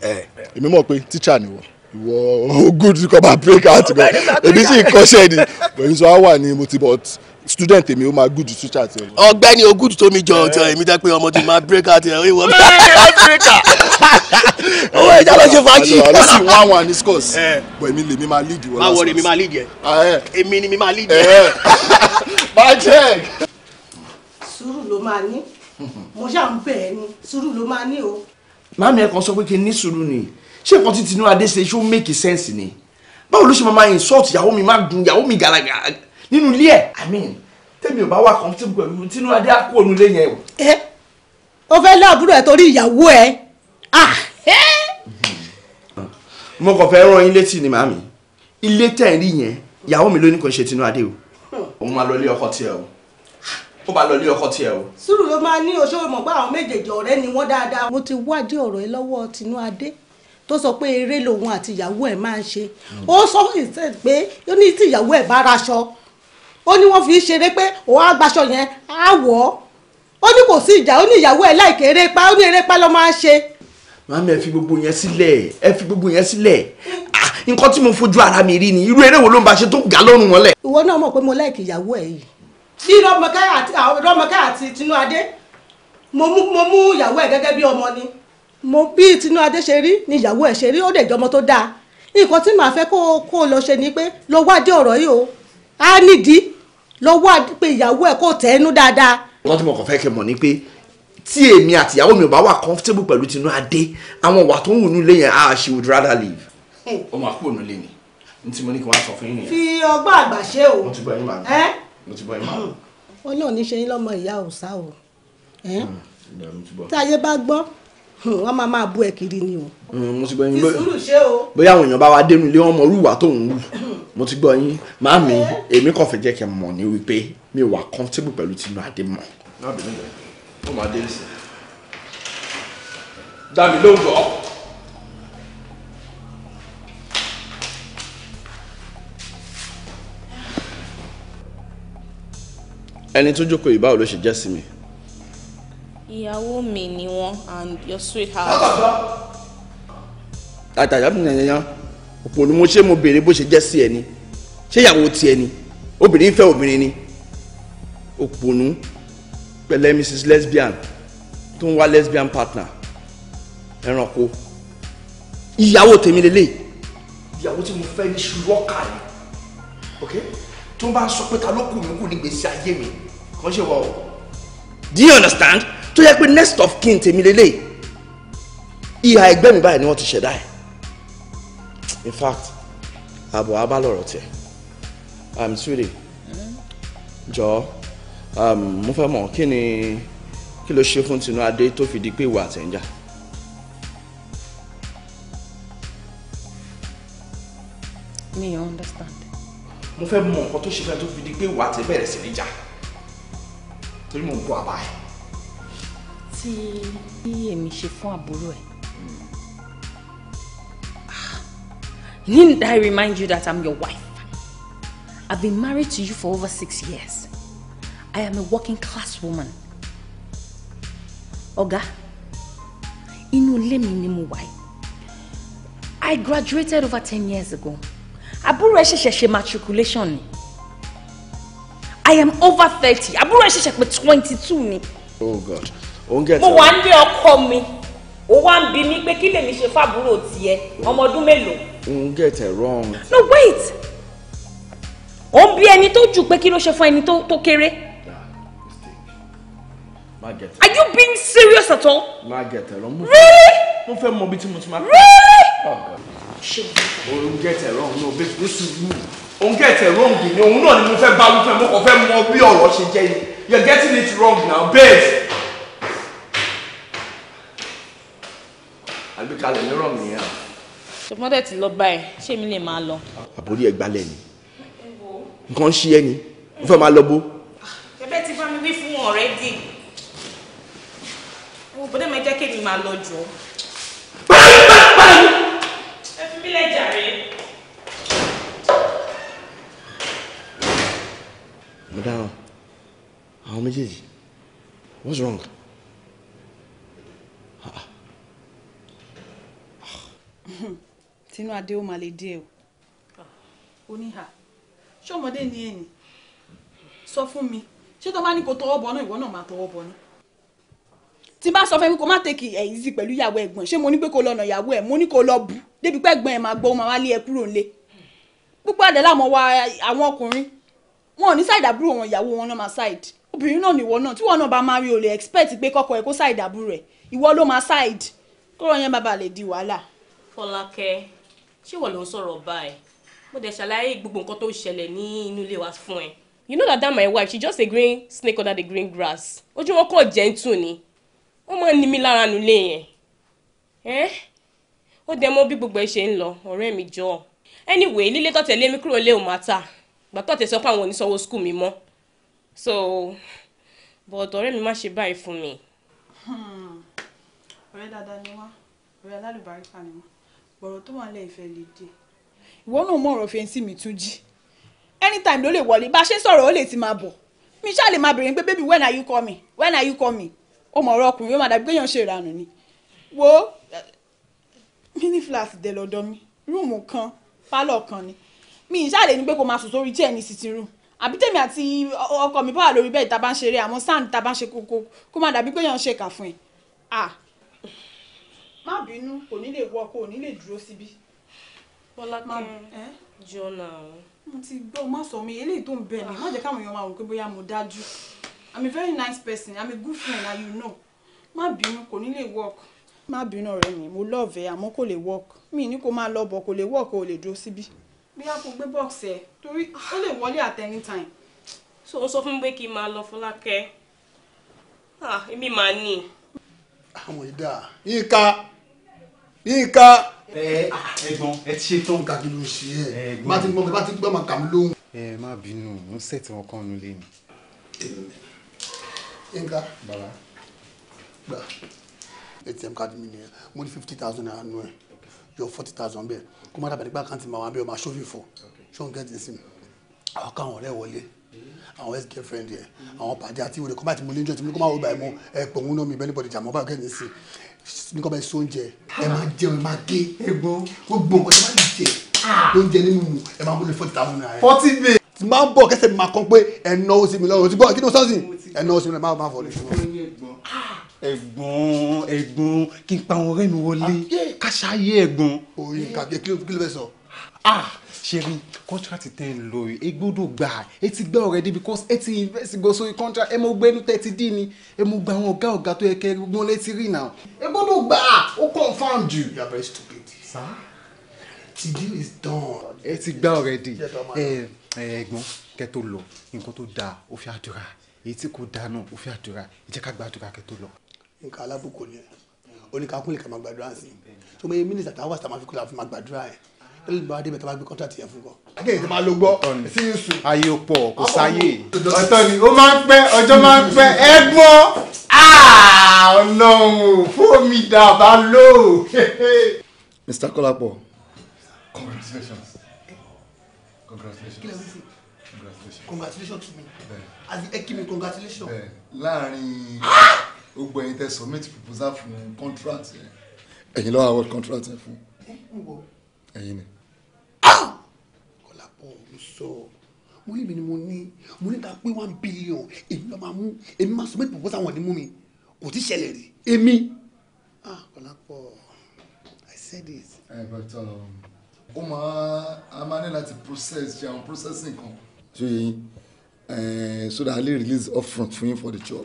èmi mọ̀ pé tíṣà ni wọ́n ìwọ good kọ́ máa break out gan èmi sì kọ́ṣẹ́ ni pẹ̀lú sọ wà ní motibot student èmi ó máa good tíṣà tiẹ̀. ọ̀gbẹ́ni o good tó jọ ọtí èmi jẹ pé ọmọ máa break out ẹ ìwọ mi. owó ìjà ló ṣe fàájì. ló sì wá wọn ní scores eh. bọ̀ èmi lèmi máa lead wọn. máa wọlé mi máa lead yẹ ah, eh. èmi ni mi máa lead yẹ. Eh. máa sùúrù ló máa ní mo ṣáà ń bẹ̀ ẹ́ ni sùúrù ló máa ní o. màmí ẹ̀ kan sọ pé kí n ní sùúrù ni ṣé nǹkan tí Tinubu adé ṣe ṣó make sense ni báwo ló ṣe máa insult ìyàwó mi máa dùn ìyàwó mi gàràgà nínú ilé ẹ̀ i mean tèmi ò bá wà comfortable pẹ̀lú Tinubu adé á kú òun ilé yẹn o. ẹ o fẹ́ lé àbúrò ẹ̀ torí ìyàwó ẹ̀ Ah, eh. mo kàn fẹ́ rán yín létí ni màmí ilé tẹ̀ ń rí yẹn ìyàwó mi ló ní kò ṣe tinú adé o òun máa lọ ilé ọkọ tiẹ̀ o ó bá lọ ilé ọkọ tiẹ̀ o. sùúrù ló máa ní oṣó mọ̀ pé àwọn méjèèjì ọ̀rẹ́ ni wọ́n dáadáa. mo ti wádìí ọ̀rọ̀ yìí lọ́wọ́ tinú adé tó sọ pé eré lòun àti ìyàwó ẹ̀ máa ń ṣe hmm. ó sọ fún ìṣẹ́ pé ó ní tí ìyàwó ẹ̀ bá raṣọ ó ní wọ́n fi í ṣeré pé òun á gbaṣọ yẹn á wọ̀ ọ́ ó ní kò sí ìjà ó ní ìyàwó ẹ̀ láìkè eré màmí ẹ fi gbogbo yẹn sílẹ̀ ẹ fi gbogbo yẹn sílẹ̀ ah, nǹkan tí mo fojú ara mi rí ni irú eré wo ló ń ba ṣe tó ga lọ́rùn wọn lẹ̀. ìwọ náà mọ̀ pé mo láìkì ìyàwó ẹ̀ yìí. bí rọmọkẹ́ àti tinúadé mo mú ìyàwó ẹ̀ gẹ́gẹ́ bí ọmọ ni. mo bí tinúadé ṣe rí ni ìyàwó ẹ̀ ṣe rí ó dẹ̀ jẹ́ ọmọ tó dáa nǹkan tí màá fẹ́ kó o lọ ṣe ni pé lọ wádìí ọ̀rọ̀ yìí o á nídìí lọ wádìí pé ìyàwó ẹ̀ kò tẹ́nu dáadáa tí èmi àti ìyàwó mi ò bá wà comfortable pẹ̀lú tinú adé àwọn ìwà tó ń wù nílé yẹn ah she would rather leave. ó máa kúrò nílé ni n tí mo ní kí wọ́n á sọ fún yín yẹn. fi ọgbọ́n àgbà ṣe o. mo ti gbọ́ yín màá mo ti gbọ́ yín màá. ọlọ́run ní ṣe yín lọ́mọ ìyá òòṣà o hmm. táyé bá gbọ́ hmm, wọ́n máa máa bú ẹ kiri ni o. Hmm, mo ti gbọ́ yín bóyá àwọn èèyàn bá wa dénú ilé wọn mọ orúwà tó ń wù mo ti gbọ́ yín màámi èmi kàn fẹ́ jẹ́ kẹ́ mọ̀ ní wípé mi wà comfortable pẹ̀lú tinú adé mọ̀ ó máa dé sí dá mi lóhùn jọ. ẹni tó jókòó yìí báwo ló ṣe jẹ́ sí mi. ìyàwó mi ni wọn and your sweetheart. àtàjà mi nìyẹn òpò ni mo ṣe mo béèrè bó ṣe jẹ́ sí ẹni ṣé ìyàwó tiẹ̀ ni obìnrin fẹ́ obìnrin ni òpònú pẹ̀lẹ́ mrs lesbian tó ń wá lesbian partner ẹranko ìyàwó tèmi lélẹ̀ ìyàwó tí mo fẹ́ ní ṣùrọ́kà ni ok tó ń bá sọ pé ta ló kù mí kù ní gbèsè ayé mi kàn ṣe wọ. do you understand tó yẹ pé next of kin tèmi lélẹ̀ ìhà ẹgbẹ́ mi báyìí ni wọ́n ti ṣẹ̀dá ẹ̀ in fact àbọ̀ abá lọ̀rọ̀ tẹ̀ i'm sorry jọ̀ọ́. Um, mo fẹ́ mọ̀ kí ni kí ló ṣe fún tinú adé tó fi di pé ìwà àtẹ̀ńjà. mi ò understand. mo fẹ́ mọ̀ nǹkan tó ṣe fẹ́ tó fi di pé ìwà àtẹ̀ bẹ̀rẹ̀ sí ní jà torí mo ń bọ àbá ẹ̀. tí bí èmi ṣe fún àbúrò ẹ̀. Hmm. Needn't I remind you that I'm your wife? I've been married to you for over six years. I am a working class woman. Oga, inú ilé mi ni mo wà I graduated over ten years ago. Àbúrò ẹ̀ ṣẹ̀ṣẹ̀ ṣe matriculation ni. I am over thirty. Àbúrò ẹ̀ ṣẹ̀ṣẹ̀ pé twenty-two ni. Oh God, òun gẹ̀ tẹ̀. Mo wà nílé ọkọ mi. Ó wá ń bi mí pé kí lèmi ṣe fábúrò tiẹ̀ ọmọ ọdún mélòó. Òun get it wrong. No wait! Ó ń bi ẹni tó jù pé kí ló ṣe fún ẹni tó kéré. Má Are you being serious at all? Má gẹ̀tẹ̀ lọ. Really? Mo fẹ́ mọ ibi tí mo ti máa. Really? Ṣé o oh, ń gẹ̀tẹ̀ wrong? No, babe, this is you. O ń gẹ̀tẹ̀ wrong ni òun náà ni mo fẹ́ bá wípé mo kàn fẹ́ mọ bí ọ̀rọ̀ ṣe jẹ́ yìí. You're getting it wrong now, babe. I'll be àgbékalẹ̀ mìíràn nìyẹn. ṣùgbọ́n dẹ̀ ti lọ báyìí ṣé mi lè máa lọ. àbórí ẹ gbalẹ̀ ni nǹkan ṣí ẹ ni mo fẹ́ máa lọ bó. ẹ̀bẹ̀ ti bá mi wí fún already bọ́dẹ̀ máa jẹ́ kémi máa lọ jọ. báyìí báyìí báyìí. ẹ fi mí lẹ́jà rẹ̀. mo àwọn méjèèjì what's wrong? tinú adé ó máa lè dé o ah, oníhà ṣé ọmọdé ni èyí sọ fún mi ṣé tó bá ní kó tọwọ́ bọ náà ìwọ náà máa tọwọ́ bọ tí bá sọ fún mi kó má tèkì ẹ̀ yìí pẹ̀lú ìyàwó ẹ̀gbọ́n ṣé mo ní pé kó lọ́nà ìyàwó ẹ̀ mo ní kó lọ bù débi pé ẹ̀gbọ́n ẹ̀ máa gbọ́ máa wá lé ẹ kúrò nílé púpọ̀ àdé làwọn wa àwọn ọkùnrin wọn ò ní ṣáìdì àbúrò wọn ìyàwó wọn náà máa ṣáìdì obìnrin náà nìwọ náà tí wọn náà bá máa rí o lè expect pé kọkọ ẹ kó ṣáìdì àbúrò ẹ ìwọ ló máa ṣáìdì kúrò yẹn bàbá lè di wàhálà. fọlákẹ́ ṣé wọ́n ló ń sọ̀rọ̀ báyìí mo dẹ̀ ṣàlàyé gbogbo nǹkan tó ṣẹlẹ̀ ní inú ilé wa fún ẹ. you know that that my wife she just a green snake under the green grass ojú wọn kò gentle ni wọ́n máa ń ní mi lára nulẹ̀ yẹn ẹ́ ó dẹ mọ́ bí gbogbo ẹ ṣe ń lọ ọ̀rẹ́ mi jọ anyway lílé tó tẹ̀lé mi kúrò lé ò máa tà gbà tó tẹ̀ sọ pé àwọn ò skul mi mọ́ so but ọ̀rẹ́ mi má ṣe báyìí fún mi. Hmm. ọ̀rẹ́ dáadáa ni wá ọ̀rẹ́ alálùbáríkà ni wá bọ̀rọ̀ tó wà ń lẹ̀ ìfẹ́ lè dé. ìwọ náà mọ ọ̀rọ̀ fẹǹsì mi tún jí anytime ló lè wọlé bá a ṣe sọ̀rọ̀ ó lè ti máa bọ̀ mi ṣáà lè máa béèrè pé baby when are you coming when are you coming ó mọ̀ ọ̀rọ̀ ọkùnrin ó máa dàbí pé èèyàn ṣe ìranù ni wo mini flat dẹ̀ lọ́dọ̀ mi rúùmù kan pálọ̀ kan ni mi ì ṣàlè ní pé kò máa sùn sórí chair ní sitting room àbí tèmi àti ọkọ mi báwa lórí bẹ́ẹ̀ tàbá ń ṣeré àmọ́ sand tàbá ń ṣe kókó kó má dàbí pé èèyàn ń ṣe kà fún ẹ. má bínú kò ní lè wọ kò ní lè dúró síbí. bọ́lá kí n jọ náà. mo ti gbọ́ má sọ mi eléyìí tó ń bẹ̀ ni ah. má jẹ́ káwọn èèyàn máa rò pé bóyá mo dájú i'm a very nice person i'm a good friend and you know má bínú kò ní lè work má bínú ọ̀rẹ́ mi mo love ẹ àmọ́ kò lè work mi ní kó máa lọ bọ̀ kò lè work o lè dúró síbí. bí a kò gbé box ẹ torí ó lè wọlé at any time. so o sọ fún mi pé kí n máa lọ fọlákẹ́ ah, èmi máa ní. àwọn Ika. Ika. Eh. ẹ ẹ̀gbọ́n ẹ ti ton tán. kàkí ló ṣe ẹ bá ti gbọ́ bá ti gbọ́ Ma kà mí lóhùn. ẹ má bínú mo ń ṣètò ọkàn nulẹ̀ ni. Yínká bala. gbà ATM card mi nìyẹn mo ní fifty thousand naira nù ẹ yọ forty thousand bẹ́ẹ̀ kó má dàbẹ̀ nípa àkáǹtì màwọn abẹ́ ọmọ aṣọ́fin fọ ṣọ́n gẹ́tì sí mi àwọn káwọn ọ̀rẹ́ wọlé àwọn ex girlfriend yẹn àwọn pàdé àti ìwé rẹ kó bá ti mú lẹ́jọ́ tí mo kó má wọ báyìí mo ẹ pọ̀ ń ná mi bẹ́ẹ̀ níbọ̀dì jàmọ́ báyìí gẹ́tì sí ní kọ́ bá so oúnjẹ ẹ máa jẹun ẹ máa gé egbò gbogbo nǹkan tí wọ́n máa jẹ oúnjẹ ah. nínú ẹ máa mú lè forty thousand naira. forty bay. ti máa ń bọ̀ kẹsẹ̀ mi máa kàn pé ẹ̀ náwó sí mi lọ́wọ́ ti gbọ́ kí ni o sọ́ọ̀sì ẹnu ọsùn rẹ máa fọ lóṣù. ẹ̀gbọ́n ẹ̀gbọ́n kí n pa àwọn ọ̀rẹ́ mi wọlé ah, káṣáyé ẹ̀gbọ́n. oyin kàbíyè kí ló fẹ́ sọ. ah ṣeré kọ́ńtrátì tẹ́ ń lò yìí ẹ gbọ́dọ̀ gbà ẹ ti gbà already because ẹ ti invest go sórí kọ́ńtrátì ẹ mọ gbẹ́nu tẹ́ ti dín ni ẹ mọ gba àwọn ọ̀gá ọ̀gá tó yẹ kẹ́ gbọ́n létí rí náà. ẹ gbọ́dọ̀ gbà ó confam jù. you are very stupid. the deal is done. ẹ ti gbà already ẹ ẹ ẹ̀gbọ́n kẹ́ tó lọ nǹkan tó dáa ó fi àdúrà èyí tí kò dáná ó fi àdúrà ẹ jẹ́ ká gbàdúrà kẹ́ tó lọ. nǹkan alábùkù ni oníkakún lè ká máa gbàdúrà sí i tó mọ iye mínísítà táwọn àti àmàfikún làwọn fi máa gbàdúrà ẹ̀ lórí ìgbà adébẹ̀ tó bá gbé kọ́ńtàtì yẹn fún kọ. akéyìn tó máa lo gbọ́ sí yusuf. ayé o pọ̀ kò sáyé. ọ̀tọ̀ ni ó máa ń pẹ́ ọjọ́ máa ń pẹ́ ẹ gbọ́ ah, ọlọ́run fómi dàbà lò. Mr. Kọ́lápọ̀ congratulations congratulations congratulations to me àti ẹ kí mi congratulations. láàárín gbogbo ẹ̀yin tẹ́ submit proposal fún contract yẹn ẹ̀yin ló award contract yẹn fún ẹ̀yin ni. kọlápọ̀ mo sọ mo ní mi ni mo ní mo ní ta pé one billion èmi ló máa mú èmi máa submit proposal wọn ni mú mi kò tí ṣẹlẹ̀ rí èmi. Ah, kọlápọ̀ I said it. ẹ bàtà ó máa a máa ní láti process jẹun processing kan ṣe yẹ yín eh, so that i lè release upfront for yín for the job.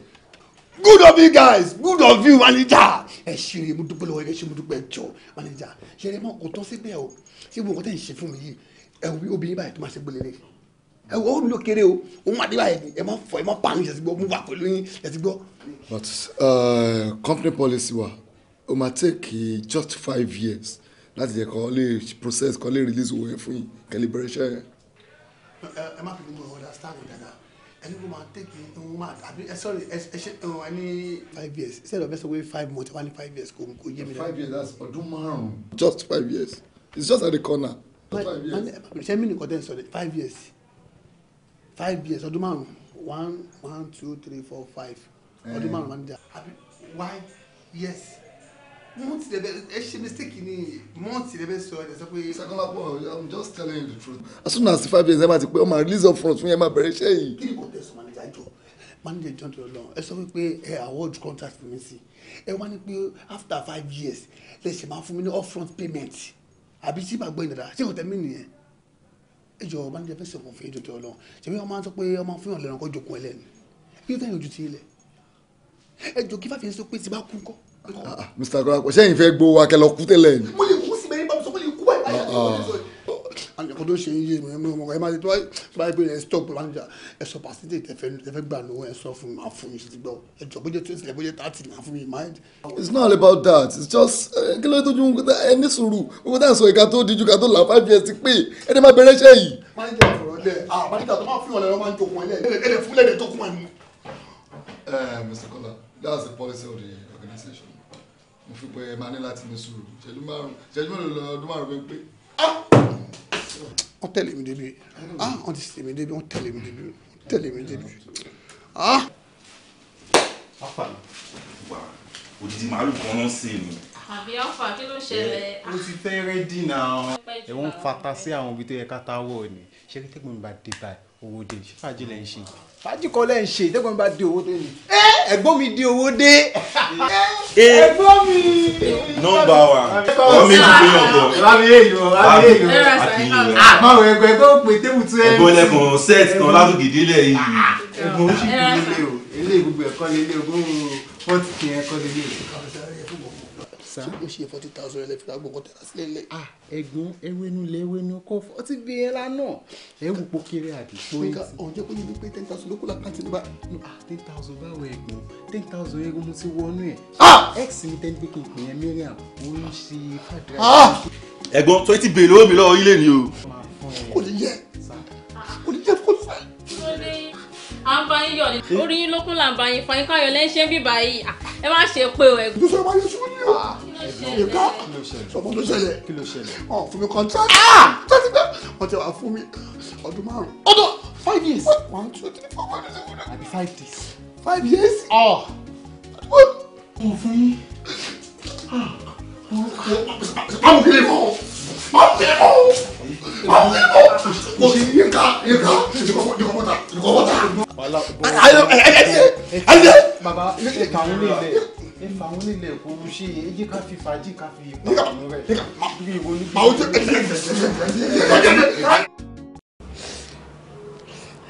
good of you guys good of you manager. ẹ ṣeré mo dúpẹ́ lọ́wọ́ ẹ ṣe mo dúpẹ́ jọ manager ṣeré mọ kò tán síbẹ̀ o ṣé gbogbo tẹ̀ ń ṣe fún mi yìí ẹ wo obìnrin báyìí tó máa ṣe gbélé rẹ̀ ẹ wo olùdó kéré o òun máa dé báyìí ẹ má fọ ẹ má pa àrùn ìṣẹ̀sígbọ́ mo wà pẹ̀lú yín ìṣẹ̀sígbọ́. but uh, company policy wa o ma take just five years láti jẹ́ kó lè process kó lè release owó yẹn fún yín kẹ́ yẹn ẹ má fi gbogbo understand dada ẹni kò máa take in mad àbí ẹ sorry ẹ ṣe ẹ ní. five years instead of ẹ sọ pé five months wà ní five years kò kò yé mi. five years that's ọdún márùn just five years it's just at the corner. Eh, ṣé mi nìkan tẹ́ ń sọ de five years five years ọdún márùn-ún one one two three four five ọdún márùn wà ní ìjà. why yes month lẹbẹ ẹ ṣe mistake ni month lẹbẹ sọ ẹ sọ pé. sakola paul i'm just telling the truth. as soon as five years ẹ máa ti pé ọmọ release up front fún yẹn máa bẹ̀rẹ̀ iṣẹ́ yìí. kí ni kò manager jọ manager john tó lọ ẹ sọ pé ẹ award contract mi sí ẹ wá ní pé after five years lè ṣe máa fún mi ní up front payment àbí tí màá gbọ́ ìdàdà tí kò tẹ́ mí nìyẹn ẹ jọ manager fẹ́ sọ̀kan fún ìdòtò ọlọ́run ṣèbí wọn máa ń sọ pé ọmọ fún ìrànlẹ́ràn kó jokun ẹlẹ́ni bí ó tẹ̀yìn ojú ti ilẹ̀ ẹ jọ kí fàfihàn sọ pé ti bá kú kọ́ mr akọlá kò sẹ́yìn fẹ́ gbowó akẹ́lọ́ kú tẹ́lẹ̀ ni. mo lè kú síbẹ̀ yín bá sọ mo lè kú báyìí báyìí àjọkọ tó ṣe iye mi mo ẹ máa tó báyìí pé ẹ stop manager ẹ sọ pàṣẹtì tẹfẹ gbà lówó ẹ sọ fún mi àfún mi sí gbọ ẹ jọ bójú tó ṣẹlẹ̀ bójú tààtì náà fún mi mind. it's not all about that it's just kí ló tó ju ẹ ní sùúrù owó tá à sọ ìka tó díjú ká tó là five years ti pé ẹ ní that's the policy of the organization mo fi pé ẹ máa ní láti ní sùúrù ṣẹ́jú márùn ṣẹ́jú mélòó lọ ọdún márùn fún pé. Ah! wọ́n tẹ̀lé mi débi ah! wọ́n ti tẹ̀lé mi débi wọ́n tẹ̀lé mi débi wọ́n tẹ̀lé mi débi. afa ah! wà òdìdí màálù kan náà sí ni. àbí afa kí ló ṣẹlẹ̀. ó ti fẹ́rẹ́ dínà. ẹ wọ́n fata sí àwọn ibi tó yẹ ká táwọ̀ ni ṣé kí tẹ́gbọ̀n mi bá dé báyìí owó dé ṣé fàájì lẹ ń ṣe fàájì kọ́ lẹ ń ṣe ìdẹ́gbọ́n mi bá dé owó dé ni. ẹ ẹ̀gbọ́n mi dé owó dé. ẹ̀gbọ́n mi. nọ́mbà wa wọn méjì pé ọgbọ. ìwà mi èèyàn ìwà mi èèyàn. àmọ́ ẹgbẹ́ ẹgbẹ́ ò pé tébù tún ẹ̀. ẹ̀gbọ́n lẹ́kàn set kan lásìkò ìdílé yìí. ẹ̀gbọ́n ó sì kú ilé o ilé gbogbo ẹ̀kọ́ lé ilé ogún fọ́ọ̀tì kì í ẹ̀kọ́ lé ilé ṣé o ṣe forty thousand ẹlẹ́fẹ́ lágbo kan tẹ̀lá sílẹ̀ lẹ̀. ah ẹ̀gbọ́n ewénu lé ewénu kọ́ ọtí bí yẹn e lánàá ẹ wù pọ̀ kéré àdìpọ̀ yìí. ṣé ọ̀hún jẹ́ kó yẹ pé ten thousand ló kó lákàtì nígbà. ah ten thousand báwo ẹ̀gbọ́n ten thousand ẹ̀gbọ́n mo ti wọnú ẹ̀. ah x mi ten pé kí n pè yẹn Mariam ó ń ṣe fàdúrà. Ah! ẹ̀gbọ́n twenty bèèrè lọ́wọ́ mi lọ́wọ́ ilé ni o. kò ní yẹ kò ní yẹ kò ní yẹ à ń bá yín yọ̀ ni orí yín lókun là ń bá yín fọyín káyọ̀ lẹ́yìn ṣé ń bíbá yìí ẹ má ṣe pé o ẹ̀gbọ́n. ìṣòro máa yẹ sún ní o ìka ọmọ ló ṣẹlẹ̀ ọ fún mi contract tẹ́tí pé wọ́n ti wà fún mi ọdún márùn ọdún five years one two three four five six seven eight five days five years. ọ mo fún yín. Ah. àwọn kìlẹ̀ fún ọ̀pẹ̀lọ̀ ọ̀pẹ̀lọ̀ kò sí yíká yíká ìdíkọ̀bọ̀tà ìdíkọ̀bọ̀tà. ayọ ẹ ẹ ẹ ẹ. bàbá ẹ kà ń lé ilẹ̀ ẹ fà ń lé ilẹ̀ kò ń ṣe é jí ká fi fàájì ká fi ìpàdánù rẹ̀ bí ìwọ ní.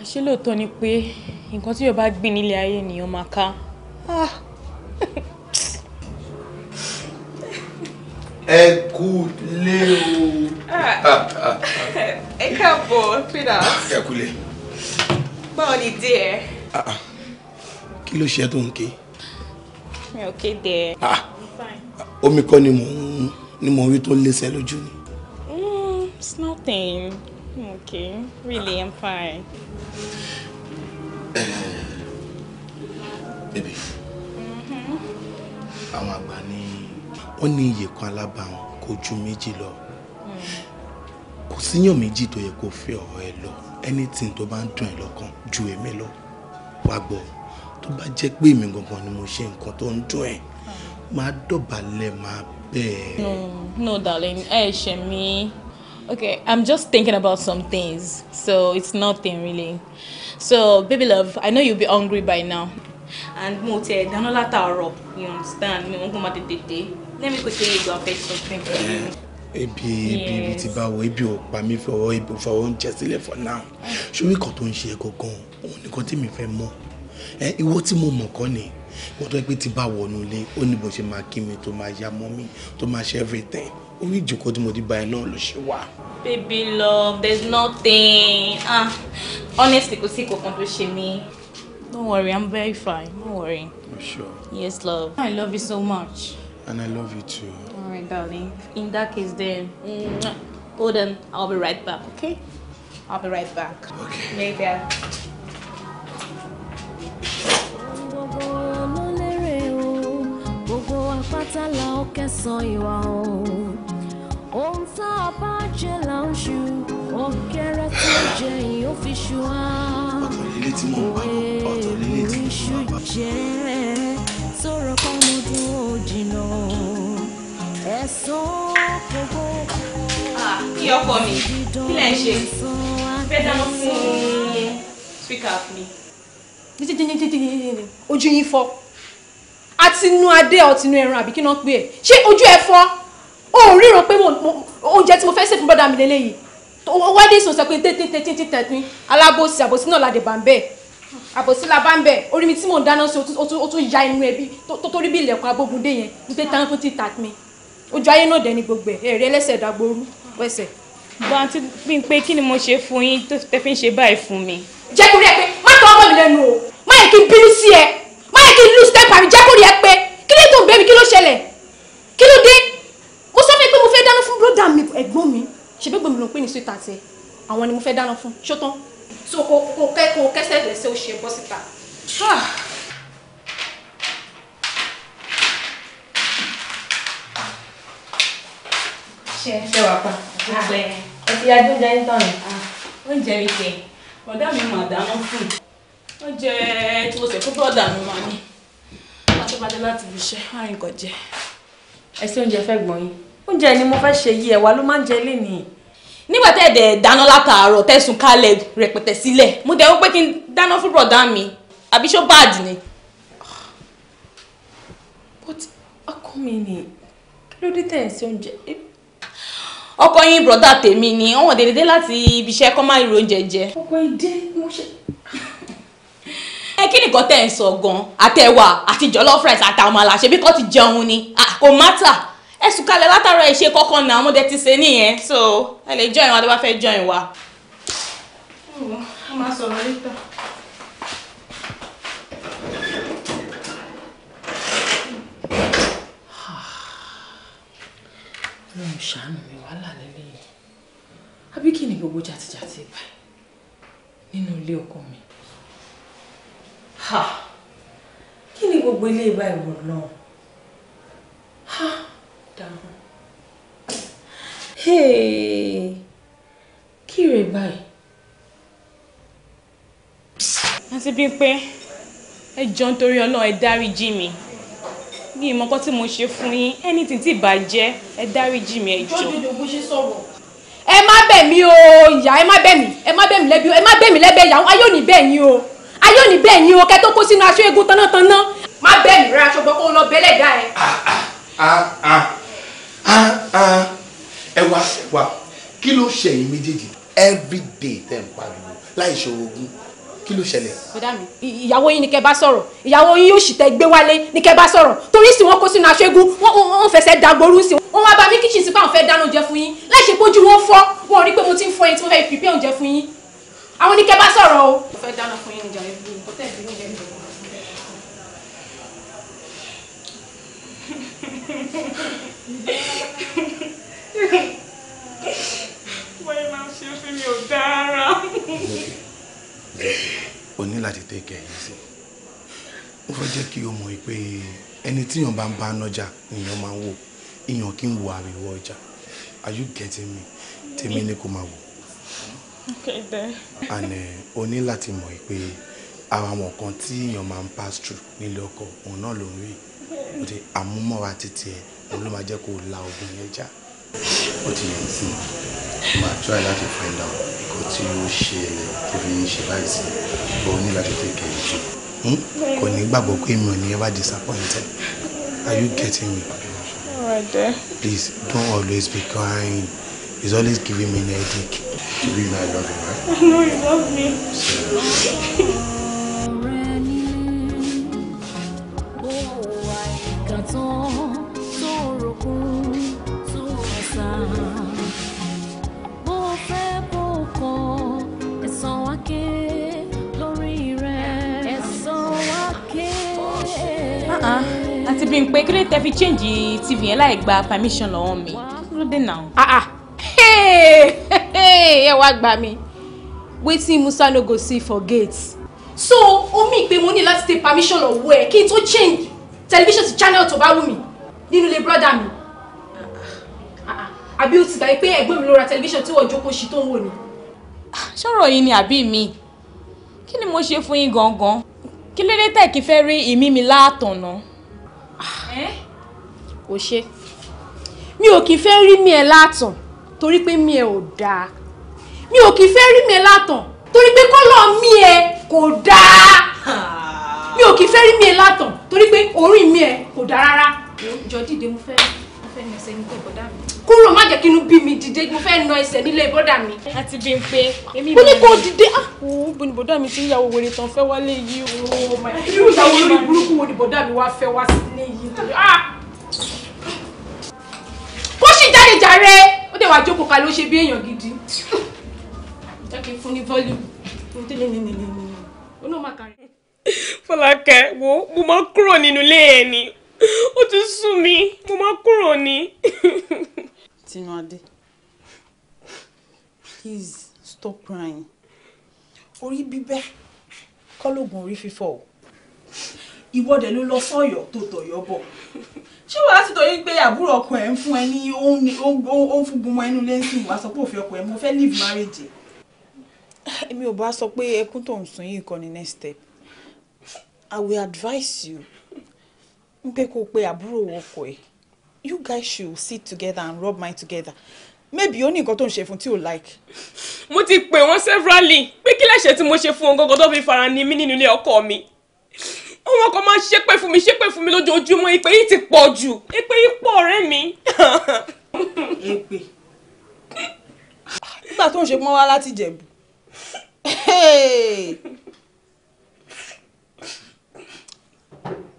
àṣé lóòótọ́ ni pé nǹkan tí yóò bá gbìn nílé ayé nìyẹn máa ká. Ah! ẹ kú lé o. ẹ káàbọ̀ Peter. ẹ kú lé. báwo ni díẹ̀. Ah, kí ló ṣe tó ń ké. mi ò kéde. Ah, omi kọ́ ni mò ń ni mò ń rí tó ń lé mm, it's nothing okay really i'm fine. Uh, baby mm-hmm. àwọn àgbà ní wọ́n ní iye kan alábàáhùn kò ju méjì lọ kò síyàn méjì tó yẹ kó fẹ́ ọ̀rọ̀ ẹ lọ anything tó bá ń dùn ẹ lọ́kàn ju èmi lọ wá gbọ́ tó bá jẹ́ pé èmi gangan ni mo ṣe nǹkan tó ń dùn ẹ máa dọ̀bálẹ̀ máa bẹ́ẹ̀. no no darling ẹ ṣe mí okay i'm just thinking about some things so it's nothing really so baby love i know you'll be hungry by now and mo tiẹ̀ dáná látàárọ̀ you understand mi ò ń gbọ́n máa tètè dé. Let me quickly go and fetch for you. ebi ebi ibi ti bá wọ ebi ò pa mí fọwọ́ ebi ò fọwọ́ oúnjẹ sílẹ̀ for now ṣórí kan tó ń ṣe gangan òun nìkan tí mi fẹ́ mọ̀ ẹ ìwọ tí mo mọ̀ kọ́ ni mo tọ́ pé ti bá wọnú ilé ó ní bó ṣe máa kí mi tó máa ya mọ́ mi tó máa ṣe everything orí ìjòkó tí mo ti bá ẹ náà ló ṣe wà. baby love there's nothing ah honestly kò sí kankan tó ṣe mí don't worry i'm very fine don't worry. sure. yes love i love you so much. And I love you too. Alright, darling. In that case then, hold on. I'll be right back, okay? I'll be right back. Okay. Later. gbogbo ó kẹsàn ìwà o ohun tá a bá jẹ là ń ṣu ọ̀kẹ́rẹ́ tó jẹ yìí ó fi ṣu wá òwe ìṣu jẹ sọ̀rọ̀ kan mo dún ó jìnnà ẹ̀sán gbogbo. kí ọkọ mi kí lẹ ń ṣe fẹ́ dáná fún spíkà mi. ojú yín fọ́ àti inú adé ọtí inú ẹran àbí kí náà pé ẹ ṣé ojú ẹ fọ́ o ò ríran pé oúnjẹ tí mo fẹ́ sè fún bọ́dà mi lélẹ́yìí wádìí sọ sọ pé tẹ́tẹ́tẹ́tẹ́tẹ́tẹ́ alábòsí àbòsí náà ládẹ̀ bá ń bẹ́ẹ̀ àbòsí la bá ń bẹ̀ orí mi tí mò ń dáná sí o tún ya inú ẹbí tó torí bí ilẹ̀kùn abógun dé yẹn n pé táwọn ti tà mí ojú ayé náà dẹ̀ ni gbogbo ẹ̀ ẹ̀rẹ́ ẹlẹ́sẹ̀ dàgbòrú wẹ̀sẹ̀. bó àǹtí bí n pé kí ni mo ṣe fún yín tó fi ń ṣe báyìí fún mi. jẹ́ kúrẹ́ pé má tọ́ ọmọ mi lẹ́nu o má yẹ kí n bínú sí ẹ má yẹ kí n lose temper mi jẹ́ kúrẹ́ pé kí ló tó ń bẹ́ mi kí ló ṣẹlẹ̀ kí ló dé mo sọ fún yín pé mo fẹ́ dáná fún bróda mi ẹ̀gbọ́n mi ṣèbí gbòmìnira pé ní sweet àti àwọn ni mo fẹ́ dáná fún so kò kò kẹ́ kò kẹ́sẹ̀ lẹ́sẹ̀ ó ṣe bọ́ síta. ṣe ṣe wà pa ah, ẹ ti yájú oúnjẹ yín tán ni. Ah, oúnjẹ mi kẹ ọ̀dà mi mà dáná fún oúnjẹ tí mo sè fún bọ́ọ̀dà mi mà ní àtúbàdé láti fi ṣe àrùn kọjẹ. ẹ sí oúnjẹ fẹ́ gbọ́n yín oúnjẹ ni mo fẹ́ ṣe yí ẹ̀wà ló máa ń jẹ lé nìyí nígbà tẹ́ ẹ̀ dẹ̀ dáná látàárọ̀ tẹ̀sùn kalẹ̀ rẹpẹtẹ sílẹ̀ mo dẹ̀ wọ́n pé kí n dáná fún bọ̀dá mi àbí ṣó báàdì ni. but ọkọ mi ni kí ló dé tẹ̀yìn sí oúnjẹ. ọkọ yín bọ̀dá tèmi ni ọ̀wọ̀n dédé láti ibi iṣẹ́ kọ́ máa ń ro oúnjẹ jẹ. ọkọ ìdí mo ṣe ẹ kí nìkan tẹ̀ ń sọ gan-an àtẹ̀wà àti jollof rice àtàwọn àmàlà ṣebí kọ́ ti jẹun ni ah, kò mátà ẹ sùn kalẹ̀ látara ìṣe kọ́kọ́ náà ọmọdé ti ṣe nìyẹn so ẹ lè join wa tó bá fẹ́ join wa. ó máa sọ̀rọ̀ later. lọ́run ṣàánú mi wàhálà lélẹ̀ yìí àbí kí ni gbogbo jàtijàti báyìí nínú ilé ọkọ mi kí ni gbogbo ilé ìbá ìwọ lọ́run kí rè báyìí. àti bíi pé ẹ jọ nítorí ọlọ́run ẹ dáríjì mi ní ìmọ̀kọ́ tí mo ṣe fún yín anything tí ìbàjẹ́ ẹ dáríjì mi ẹ jọ. ìjọ́jú ni ògùn ṣe sọ̀rọ̀. ẹ má bẹ̀ mí o ìyá ẹ má bẹ̀ mí ẹ má bẹ̀ mí lẹ́bi ẹ má bẹ̀ mí lẹ́bẹ̀ ìyàwó ayé ò ní bẹ̀ yín o ayé ò ní bẹ̀ yín o kẹ́ tó kó sínú aṣọ eégún tanátaná. má bẹ̀ mí rẹ aṣọ gbọ́ kó lọ bẹ́lẹ̀ dá ẹ. Ah, ah, ah, ẹ wá wá kí ló ṣẹ̀yìn méjèèjì everyday tẹ̀ ń pariwo láì ṣòrogún kí ló ṣẹlẹ̀. bọ́dà mi ìyàwó yín ni kẹ́ bá sọ̀rọ̀ ìyàwó yín yóò sì tẹ́ gbé wálé ni kẹ́ bá sọ̀rọ̀ torí sì wọ́n kó sínú aṣẹ́gun wọ́n fẹsẹ̀ dagboru sí i wọ́n wá bá mi kíchìn sí pé àwọn fẹ́ dáná oúnjẹ fún yín láì ṣe pójú wọn fọ́ wọn rí pé mo ti ń fọ ẹni tí mo fẹ́ fi pé oúnjẹ fún yín àwọn ni kẹ́ bá sọ̀rọ̀ o. mo fẹ́ dáná fún yín níjà ẹbí kó tẹ̀ bí oúnjẹ mi. wọ́n yẹn máa ń ṣe fún mi ò dára. o ní láti tẹ́ kẹ́ yìí sí o mọ̀ pé ẹni tíyàn bá ń bá nọjà nìyàn máa ń wò ìyàn kí ń wo àríwọ ọjà are you getting me tèmi ni kò máa wò. okay then. and eh, o ní láti mo pé àwọn àwọn kan tí èèyàn máa ń pass through nílé ọkọ òun náà ló ń rí àmúmọ́ra títí ẹ̀ òun ló máa jẹ́ kó la obìnrin ẹ̀ What ti yẹn sí i máa not to find out nǹkan you share, ṣẹlẹ̀ tó fi ń ṣe báyìí sí take care of you hmm? kò ní gbàgbọ́ pé mi never disappointed are you getting me. All Right there. please don't always be crying He's always giving me headache. you be love lover right. I know you love me. So, Bímpé kí ló tẹ fi change tv yẹn láì gba permission lọ́wọ́ mi kí ló dé now. Ah, ah. ẹ wá gbà mí wetin Musa no go see for gate. so omi ìpè mo ní láti take permission lọ́wọ́ ẹ kí n tó change television ti channel tó bá wù mí nínú ilé brọ́dà mi ah, àbí o ti gbà pé ẹ̀gbọ́n mi ló ra television tí wọ́n jókòó sí tó ń wò ni. sọ̀rọ̀ yìí ni àbí mi kí ni mo ṣe fún yín gangan kí lédè tẹ̀ kí fẹ́ rí ìmí mi láàtọ̀nà o eh? ṣe mi ò kì í fẹ́ rí mi ẹ̀ látàn torí pé mi ẹ̀ ò dáa mi ò kì í fẹ́ rí mi ẹ̀ látàn torí pé kọ́lọ̀ mi ẹ̀ kò dáa ah. mi ò kì í fẹ́ rí mi ẹ̀ látàn torí pé orí mi ẹ̀ kò dáa rárá. jọ dìde mo fẹ́ mo fẹ́ ní ẹsẹ̀ ní kò mi kúrò má jẹ́ kí inú bí mi dìde mo fẹ́ na ẹsẹ̀ nílé bọ́dà mi. àti bí n pé èmi ìmọ̀ rẹ̀ ó ní kó dìde ah òun bo ni bọ́dà mi ti ń yàwó wèrè tán fẹ́ wálé yìí o. Oh irú ìyàwó lórí burúkú wo ni bọ́dà mi wá fẹ́ wá sílé yìí ah! kó sì jáde jàre ó dẹ̀ wá jókòó kalẹ̀ ó ṣe bí èèyàn gidi. jẹ́ fún ní volume fọlákẹ́ wo mo máa kúrò nínú ilé ẹ̀ ni ó ti sú mi mo máa kúrò ni. Tinúadé please stop crying orí bíbẹ́ kọ́lọ́gùn orí fífọ́ o ìwọ dẹ̀ ló lọ sọ́yọ̀ tó tọ̀yọ̀ bọ̀ ṣé wàá sì torí pé àbúrò ọkọ ẹ̀ ń fún ẹ ní ó ń fúngun mọ ẹnu lẹ́sìn wàá sọ pé òfin ọkọ ẹ̀ mo fẹ́ leave marriage. èmi ò bá sọ pé ẹkún tó ń sùn yìí kọ́ ni next step I will advise you n pé kó o pe àbúrò ọkọ ẹ̀ you guys should sit together and rub mind together maybe only ní nǹkan tó ń ṣe fún tí ò like. mo ti pè wọ́n severally pé kí lẹ́sẹ̀ tí mo ṣe fún wọn gangan tó fi fara ni mí nínú ilé ọkọ mi àwọn ọkọ máa ṣépè fún mi ṣépè fún mi lójoojúmọ́ ìpè yìí ti pọ̀ jù ìpè yìí pọ̀ ọ̀rẹ́ mi. èpè. nígbà tó ń ṣe pọ́n wá láti jẹ̀bù.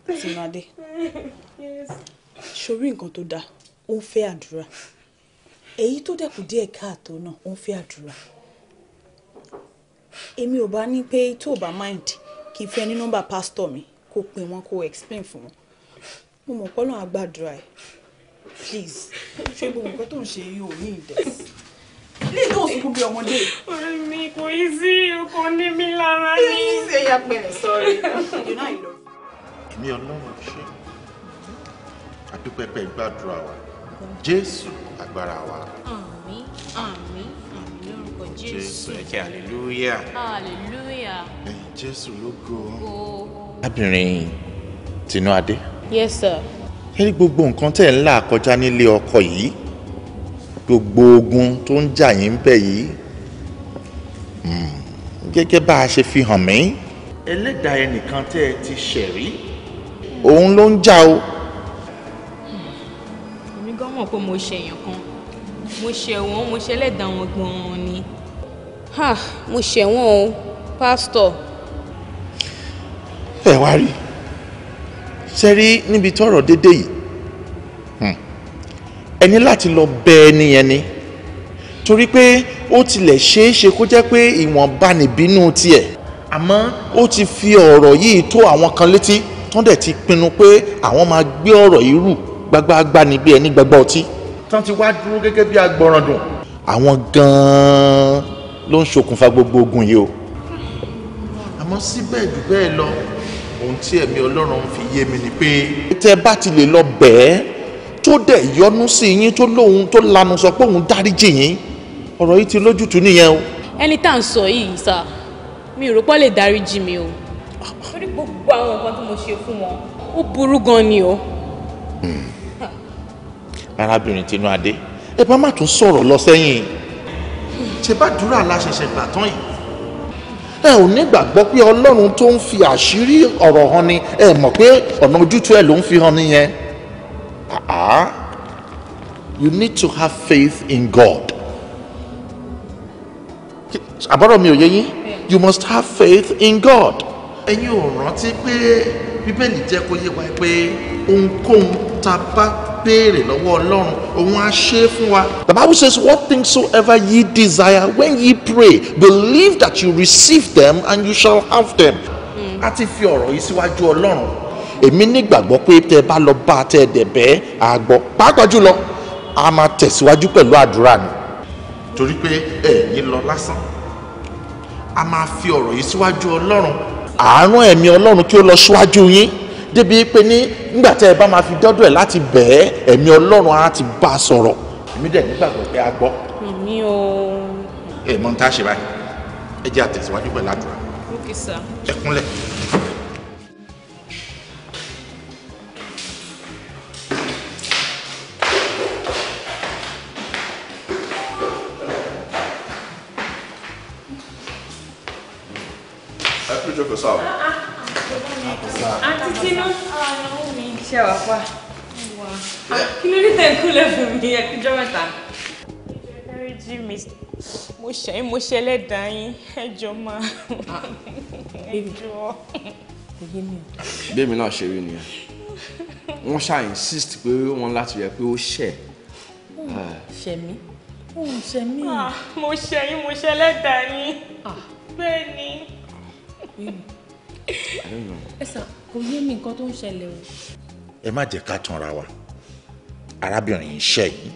tìǹbà Yes sórí nǹkan tó dáa ó ń fẹ́ àdúrà èyí tó dẹ̀kù díẹ̀ káàtó náà ó ń fẹ́ àdúrà èmi ò bá ní pé tó o bá mind kí n fẹ́ ní nọ́mbà pásítọ̀ mi kó pè wọ́n kó explain fún wọn mo mọ̀ pọ́nlọ́n àgbàdúrà ẹ̀ please ṣé gbogbo nǹkan tó ń ṣe yìí ò ní ìdẹ ilé tó ń sunkún bí ọmọdé. orí mi kò yí sí ọkọ ní mi lára ní. ṣé pẹ̀lẹ́ sọ̀rọ̀ yìí náà ìlọrin. èmi ọlọ́run ṣe é adúpẹ́pẹ́ gbàdúrà wa jésù agbára wa. àmín àmín àmín lórúkọ jésù. jésù ẹ̀kẹ́ hallelujah. hallelujah. ẹ̀yin jésù ló go. arábìnrin tinú adé. yes sir. ẹ rí gbogbo nǹkan tẹ̀ ń là kọjá nílé ọkọ yìí gbogbo ogun tó ń jà yín bẹ̀ yìí hmm, gẹ́gẹ́ bá a ṣe fi hàn mí. ẹlẹ́dàá ẹnìkan tẹ́ ẹ ti ṣẹ̀rí. òun ló ń jà o mọ̀ pé mo ṣe èèyàn kan mo ṣe wọ́n mo ṣe ẹlẹ́dàá wọn gan-an ni. mo ṣe wọ́n o pásítọ̀. ẹ wá rí ṣe rí níbi tọ́rọ̀ dédé yìí hmm. ẹni láti lọ bẹ ẹni yẹn ni torí pé ó tilẹ̀ ṣeé ṣe kó jẹ́ pé ìwọ̀nba nìbínú tiẹ̀ àmọ́ ó ti fi ọ̀rọ̀ yìí tó àwọn kan létí tó dẹ̀ ti pinnu pé àwọn máa gbé ọ̀rọ̀ yìí rù gbagba agbani bí ẹni gbagba ọtí. tán ti wá dúró gẹ́gẹ́ bí agbọràn dùn. àwọn gan-an ló ń ṣokùnfà gbogbo ogun yìí o. àmọ́ síbẹ̀ jù bẹ́ẹ̀ lọ ohun tí ẹ̀mí ọlọ́run fi yé mi ni pé. tẹ bá ti lè lọ bẹ́ẹ̀ tó dẹ̀ yọnu sí yín tó lóhun tó lanu sọ pé òun dáríjì yín ọ̀rọ̀ yìí ti lójútùú nìyẹn o. ẹni tá à ń sọ yìí sá mi ò rò pọ́ lè dáríjì mi o ah. torí gbogbo àwọn nǹkan tí mo ṣe fún wọn ó burú gan ni o. Mm arábìnrin tinú adé ẹ bá má tún sọ̀rọ̀ lọ sẹ́yìn ṣe bá dúrà láṣẹṣẹ gbà tán yìí ẹ ò ní pé ọlọ́run tó ń fi àṣírí ọ̀rọ̀ hàn ni ẹ mọ̀ pé ọ̀nà ojútùú ẹ ló ń fi hàn nìyẹn you need to have faith in God àbọ̀rọ̀ mi ò yé yín you must have faith in God. ẹ̀yin ò rántí pé bíbélì jẹ́ kó yé wa pé ohunkóhun tá a bá béèrè lọ́wọ́ ọlọ́run òun á ṣe é fún wa. the bible says what things soever ye desire when ye pray believe that you receive them and you shall have them. a ti fi ọ̀rọ̀ yìí síwájú ọlọ́run. èmi nígbàgbọ́ pé tẹ́ ẹ bá lọ bá a tẹ́ ẹ dẹ̀ bẹ́ẹ̀ á gbọ́ pàápàá jùlọ a máa tẹ̀síwájú pẹ̀lú àdúrà ni. torí pé ẹ̀yin lọ lásán a máa fi ọ̀rọ̀ yìí síwájú ọlọ́run. àárọ̀ ẹ̀mí ọlọ́run kí ó lọ síwájú yín débi pé ní nígbà tẹ́ ẹ bá máa fi dọ́dọ̀ ẹ̀ láti bẹ̀ẹ́ ẹ̀mí ọlọ́run á ti bá a sọ̀rọ̀ èmi dẹ̀ nígbàgbọ́ pé a gbọ́. èmi o. ẹ mọ n ta ṣe báyìí ẹ jẹ́ àtẹ̀síwájú pẹ̀lú àdúrà. okay sir. ẹ kúnlẹ̀. ẹ kúrò jókòó sáà àǹtí ah, ṣe wà pa qua. ló dé tẹ̀ ń kúlẹ̀ fún mi ẹkújọ́ mẹ́ta. ẹrìjì mi mo ṣe mo le ẹlẹ́dàá yín ẹjọ́ máa ah. ẹjọ́. bí èmi náà ṣe rí nìyẹn wọ́n ṣáà insist pé wọ́n láti rẹ̀ pé ó ṣẹ̀. ṣẹ̀mí ó ń ṣẹ̀mí. Ah, mo ṣẹ̀yìn mo ṣẹlẹ́dàá yín ah. bẹ́ẹ̀ ni ẹ sà kò yé mi nǹkan tó ń ṣẹlẹ̀ o. ẹ má jẹ́ ká tanra wa arábìnrin yìí ṣe yìí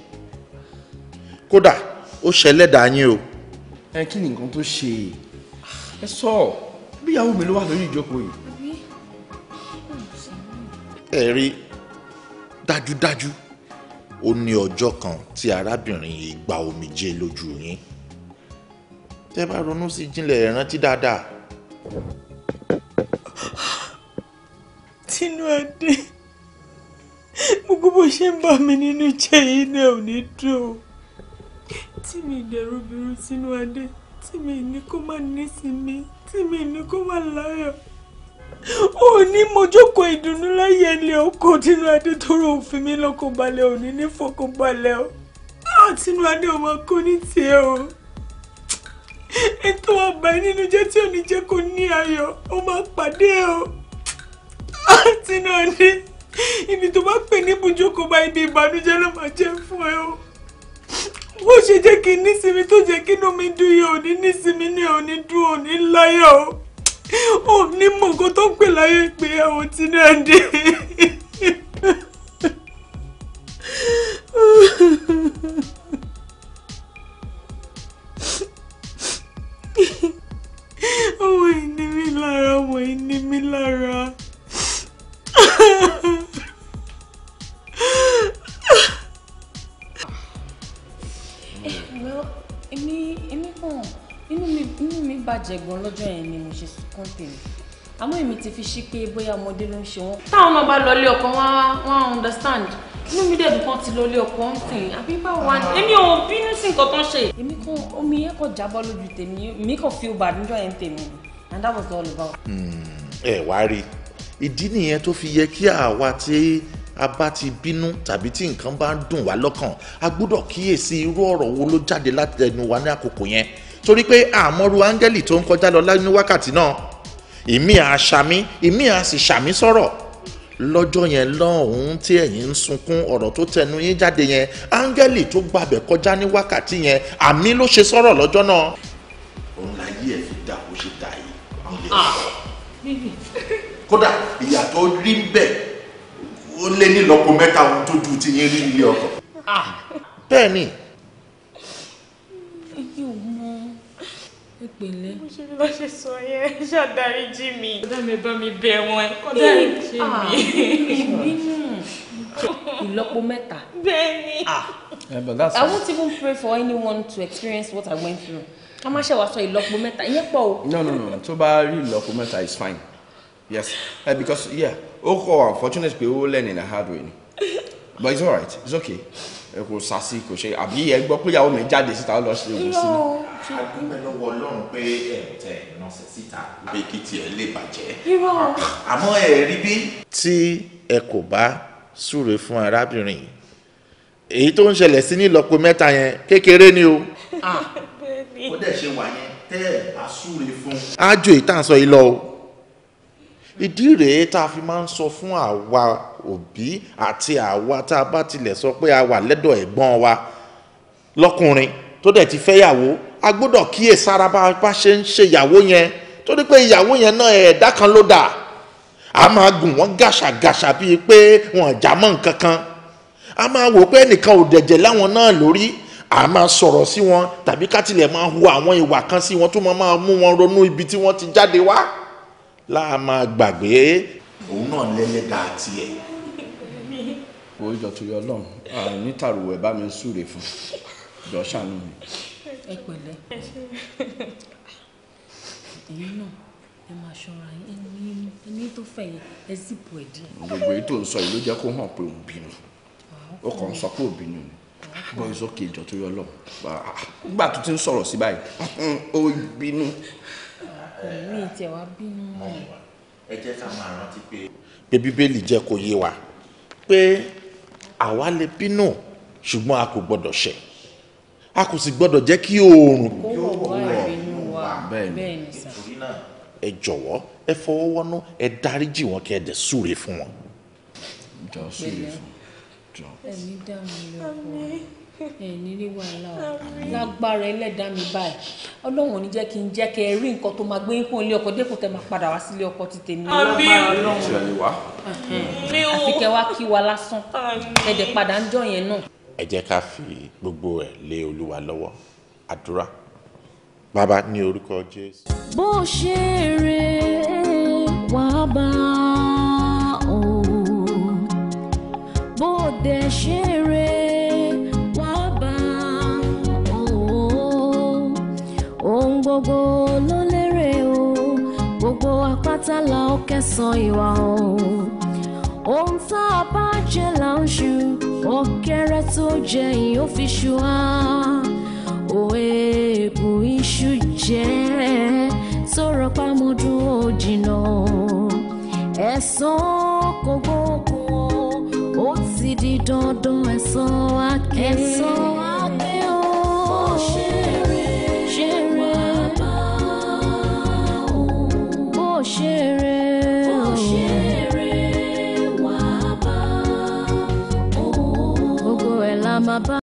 kódà ó ṣẹlẹ́dàá yín o. ẹ kí ni nǹkan tó ṣe ah. ẹ sọ bí ìyàwó mi ló wà lórí ìjókòó yìí. ẹ rí dájúdájú ó ní ọjọ́ kan tí arábìnrin yìí gba omijé lójú yín tẹ́ bá ronú sí jinlẹ̀ ẹ rántí dáadáa tínú adé gbogbo bó ṣe ń bà mí nínú jẹ́ yìí náà ò ní dùn o tí mi dẹ̀rù bìrù sínú adé tí mi ní kó má nísinmi tí mi ní kó má láyọ̀ ò ní mo jókòó ìdùnnú láyé ilé ọkọ tínú adé tóró òfin mi lọ́kàn balẹ̀ ò ní ní fọkàn balẹ̀ o náà tínú adé ọmọ kò ní tiẹ̀ o ètò ọba nínú jẹ́ tí ò ní jẹ́ kó ní ayọ̀ ó máa pàdé o àǹtí náà ní ibi tó bá pè ní ibùjókòó bá ibi ìbànújẹ́ ló máa jẹ́ fún ẹ o bó ṣe jẹ́ kí n tó jẹ́ kí inú mi dùn yìí òní nísinmi ní òní dùn òní láyọ̀ o òní mọ̀ tó pè láyé pé ẹ̀wọ̀n tí náà dé. ọmọ ìní mi lára ọmọ ìní mi lára èmi èmi kàn inú mi inú mi bàjẹ́ gan lọ́jọ́ yẹn ni mo ṣe sunkún tèmi àmọ́ èmi ti fi ṣí pé bóyá ọmọdé ló ń ṣe wọ́n. táwọn ọmọ bá lọlé ọkọ wọn wọn understand inú mi dẹ̀ dùn ti lọlé ọkọ ń sìn àbí báwo wá ní. èmi ò bínú sí nǹkan tó ń ṣe. èmi kan omi yẹn kàn jábọ́ lójú tèmi èmi kàn fi òbàdújọ́ yẹn tèmi and that was all about. Hmm, ẹ wá rí i ìdí nìyẹn tó fi yẹ kí àwa tí a bá ti bínú tàbí tí nǹkan bá ń dùn wá lọ́kàn a gbọ́dọ̀ kíyèsí irú ọ̀rọ̀ wo ló jáde láti ẹnu wa ní àkókò yẹn torí pé àmọ́rú áńgẹ́lì tó ń kọjá lọ ní wákàtí náà ìmí à ṣàmí ìmí à sì ṣàmí sọ̀rọ̀ lọ́jọ́ yẹn lọ́hùn-ún tí ẹ̀yin ń sunkún ọ̀rọ̀ tó tẹnu yín jáde yẹn áńgẹ́lì tó gbàbẹ̀ kọjá ní wákàtí yẹn àmì ló ṣe sọ̀rọ̀ lọ́jọ́ náà. òun la ẹ̀ fi dà bó ṣe dà yìí kódà ìyà tó rí bẹ́ẹ̀ ó lé nílọ́po mẹ́ta ohun tó ju ti yín rí ilé ọkọ. Ah. bẹ́ẹ̀ ni. èyí ò mọ ìpínlẹ̀. mo ṣe bí bá ṣe sọ yẹn ṣàdárí jí mi. kódà mi bá mi bẹ̀ wọ́n kódà ìjì ah. mi. ìbínú ìlọ́po mẹ́ta. bẹ́ẹ̀ni. Ah. I won't even pray for anyone to experience what I went through. ká má ṣe wàá sọ ìlọ́po mẹ́ta ìyẹn pọ̀ o. no no no tó bá rí ìlọ́po mẹ́ta is fine yes uh, because yeah ó kọ unfortunate pé ó learn in a hard way but it's alright it's okay ẹ kò sasi kò ṣe àbí ẹ gbọ́ pé ìyàwó mi jáde síta ó lọ ṣe oògùn sí ni. àdúgbò lọ́wọ́ ọlọ́run pé ẹ tẹ ìránṣẹ́ síta pé kí tiẹ̀ lè bàjẹ́ àmọ́ ẹ rí bí. tí ẹ kò bá súre fún arábìnrin yìí èyí tó ń ṣẹlẹ̀ sí ní mẹ́ta yẹn kékeré ni o. ó dẹ̀ ṣe wà yẹn tẹ́ ẹ bá súre fún. ájò ìtànsọ yìí lọ o ìdí rèé tá a fi máa ń sọ fún àwa òbí àti àwa tá a bá tilẹ̀ sọ pé a wà lẹ́dọ̀ ẹ̀gbọ́n wa lọ́kùnrin tó dẹ̀ ti fẹ́yàwó a gbọ́dọ̀ kíyè sára bá a ṣe ń ṣe ìyàwó yẹn torí pé ìyàwó yẹn náà ẹ̀ẹ́dá kan ló dà a máa gùn wọ́n gàṣàgàṣà bíi pé wọ́n já mọ́ nǹkan kan a máa wò pé ẹnìkan ò dẹ̀jẹ̀ láwọn náà lórí a máa sọ̀rọ̀ sí wọn tàbí ká tilẹ̀ máa hu àwọn ìwà kan sí wọn tó máa máa mú wọn ronú ibi tí wọ́n ti jáde wá láà máa gbàgbé. òun náà lẹ́lẹ́dà tiẹ̀. owó ìjọ tó yọ lọ́run àìní tàrúwọ̀ ẹ̀ bá mi súre fún jọ ṣàánú mi. ẹ pẹ̀lẹ́ èyí náà ẹ máa ṣọ́ra ẹni tó fẹ́ yẹn ẹ zìpù ẹ̀ díẹ̀. gbogbo èyí tó ń sọ yìí ló jẹ́ kó hàn pé òun bínú ó kàn ń sọ pé òun bínú bọ́ ìsókè ìjọ tó yọ lọ́run nígbà tó ti ń sọ̀rọ̀ sí báyìí ó bínú mi ì tẹ̀ wá bínú mọ́. ẹ jẹ́ ká máa rántí pé. pé bíbélì jẹ́ kó yé wa pé àwa lè bínú ṣùgbọ́n a kò gbọ́dọ̀ ṣẹ̀ a kò sì gbọ́dọ̀ jẹ́ kí oòrùn. kó wọ̀ wá ìbínú wa bẹ́ẹ̀ ni sà. ẹ jọ̀wọ́ ẹ fọwọ́ ẹ dáríjì wọn kí ẹ dẹ̀ súre fún wọn. jọ súre fún jọ. ẹ̀mí dààmú lọ́kọ̀ọ́ ẹ ní rí wàhálà o lágbára ẹlẹ́dàá mi báyìí ọlọ́run ò ní jẹ́ kí n jẹ́ kẹ́ ẹ rí nǹkan tó máa gbé yín kó ilé ọkọ dẹ́kun tẹ́ máa padà wá sílé ọkọ ti tèmi lágbára ọlọ́run àfi kẹ́ wá kí wa lásán ẹ̀dẹ̀ padà ń jọ yẹn náà. ẹ jẹ́ ká fi gbogbo ẹ̀ lé olúwa lọ́wọ́ àdúrà bàbá ní orúkọ jésù. bó ṣe rè wàá bá o bó dẹ̀ ṣe rè. ológo ló lérè o gbogbo apáta la ó kẹsàn ìwà o ohun tá a bá jẹ là ń ṣu ọ̀kẹ́rẹ́ tó jẹ yìí ó fi ṣu á òwe èbù iṣu jẹ sọ̀rọ̀ pàmòdù ó jìnnà ẹ̀sán kò ó ti di dandan ẹ̀sán wákẹ́. ẹ̀sán wákẹ́. my body.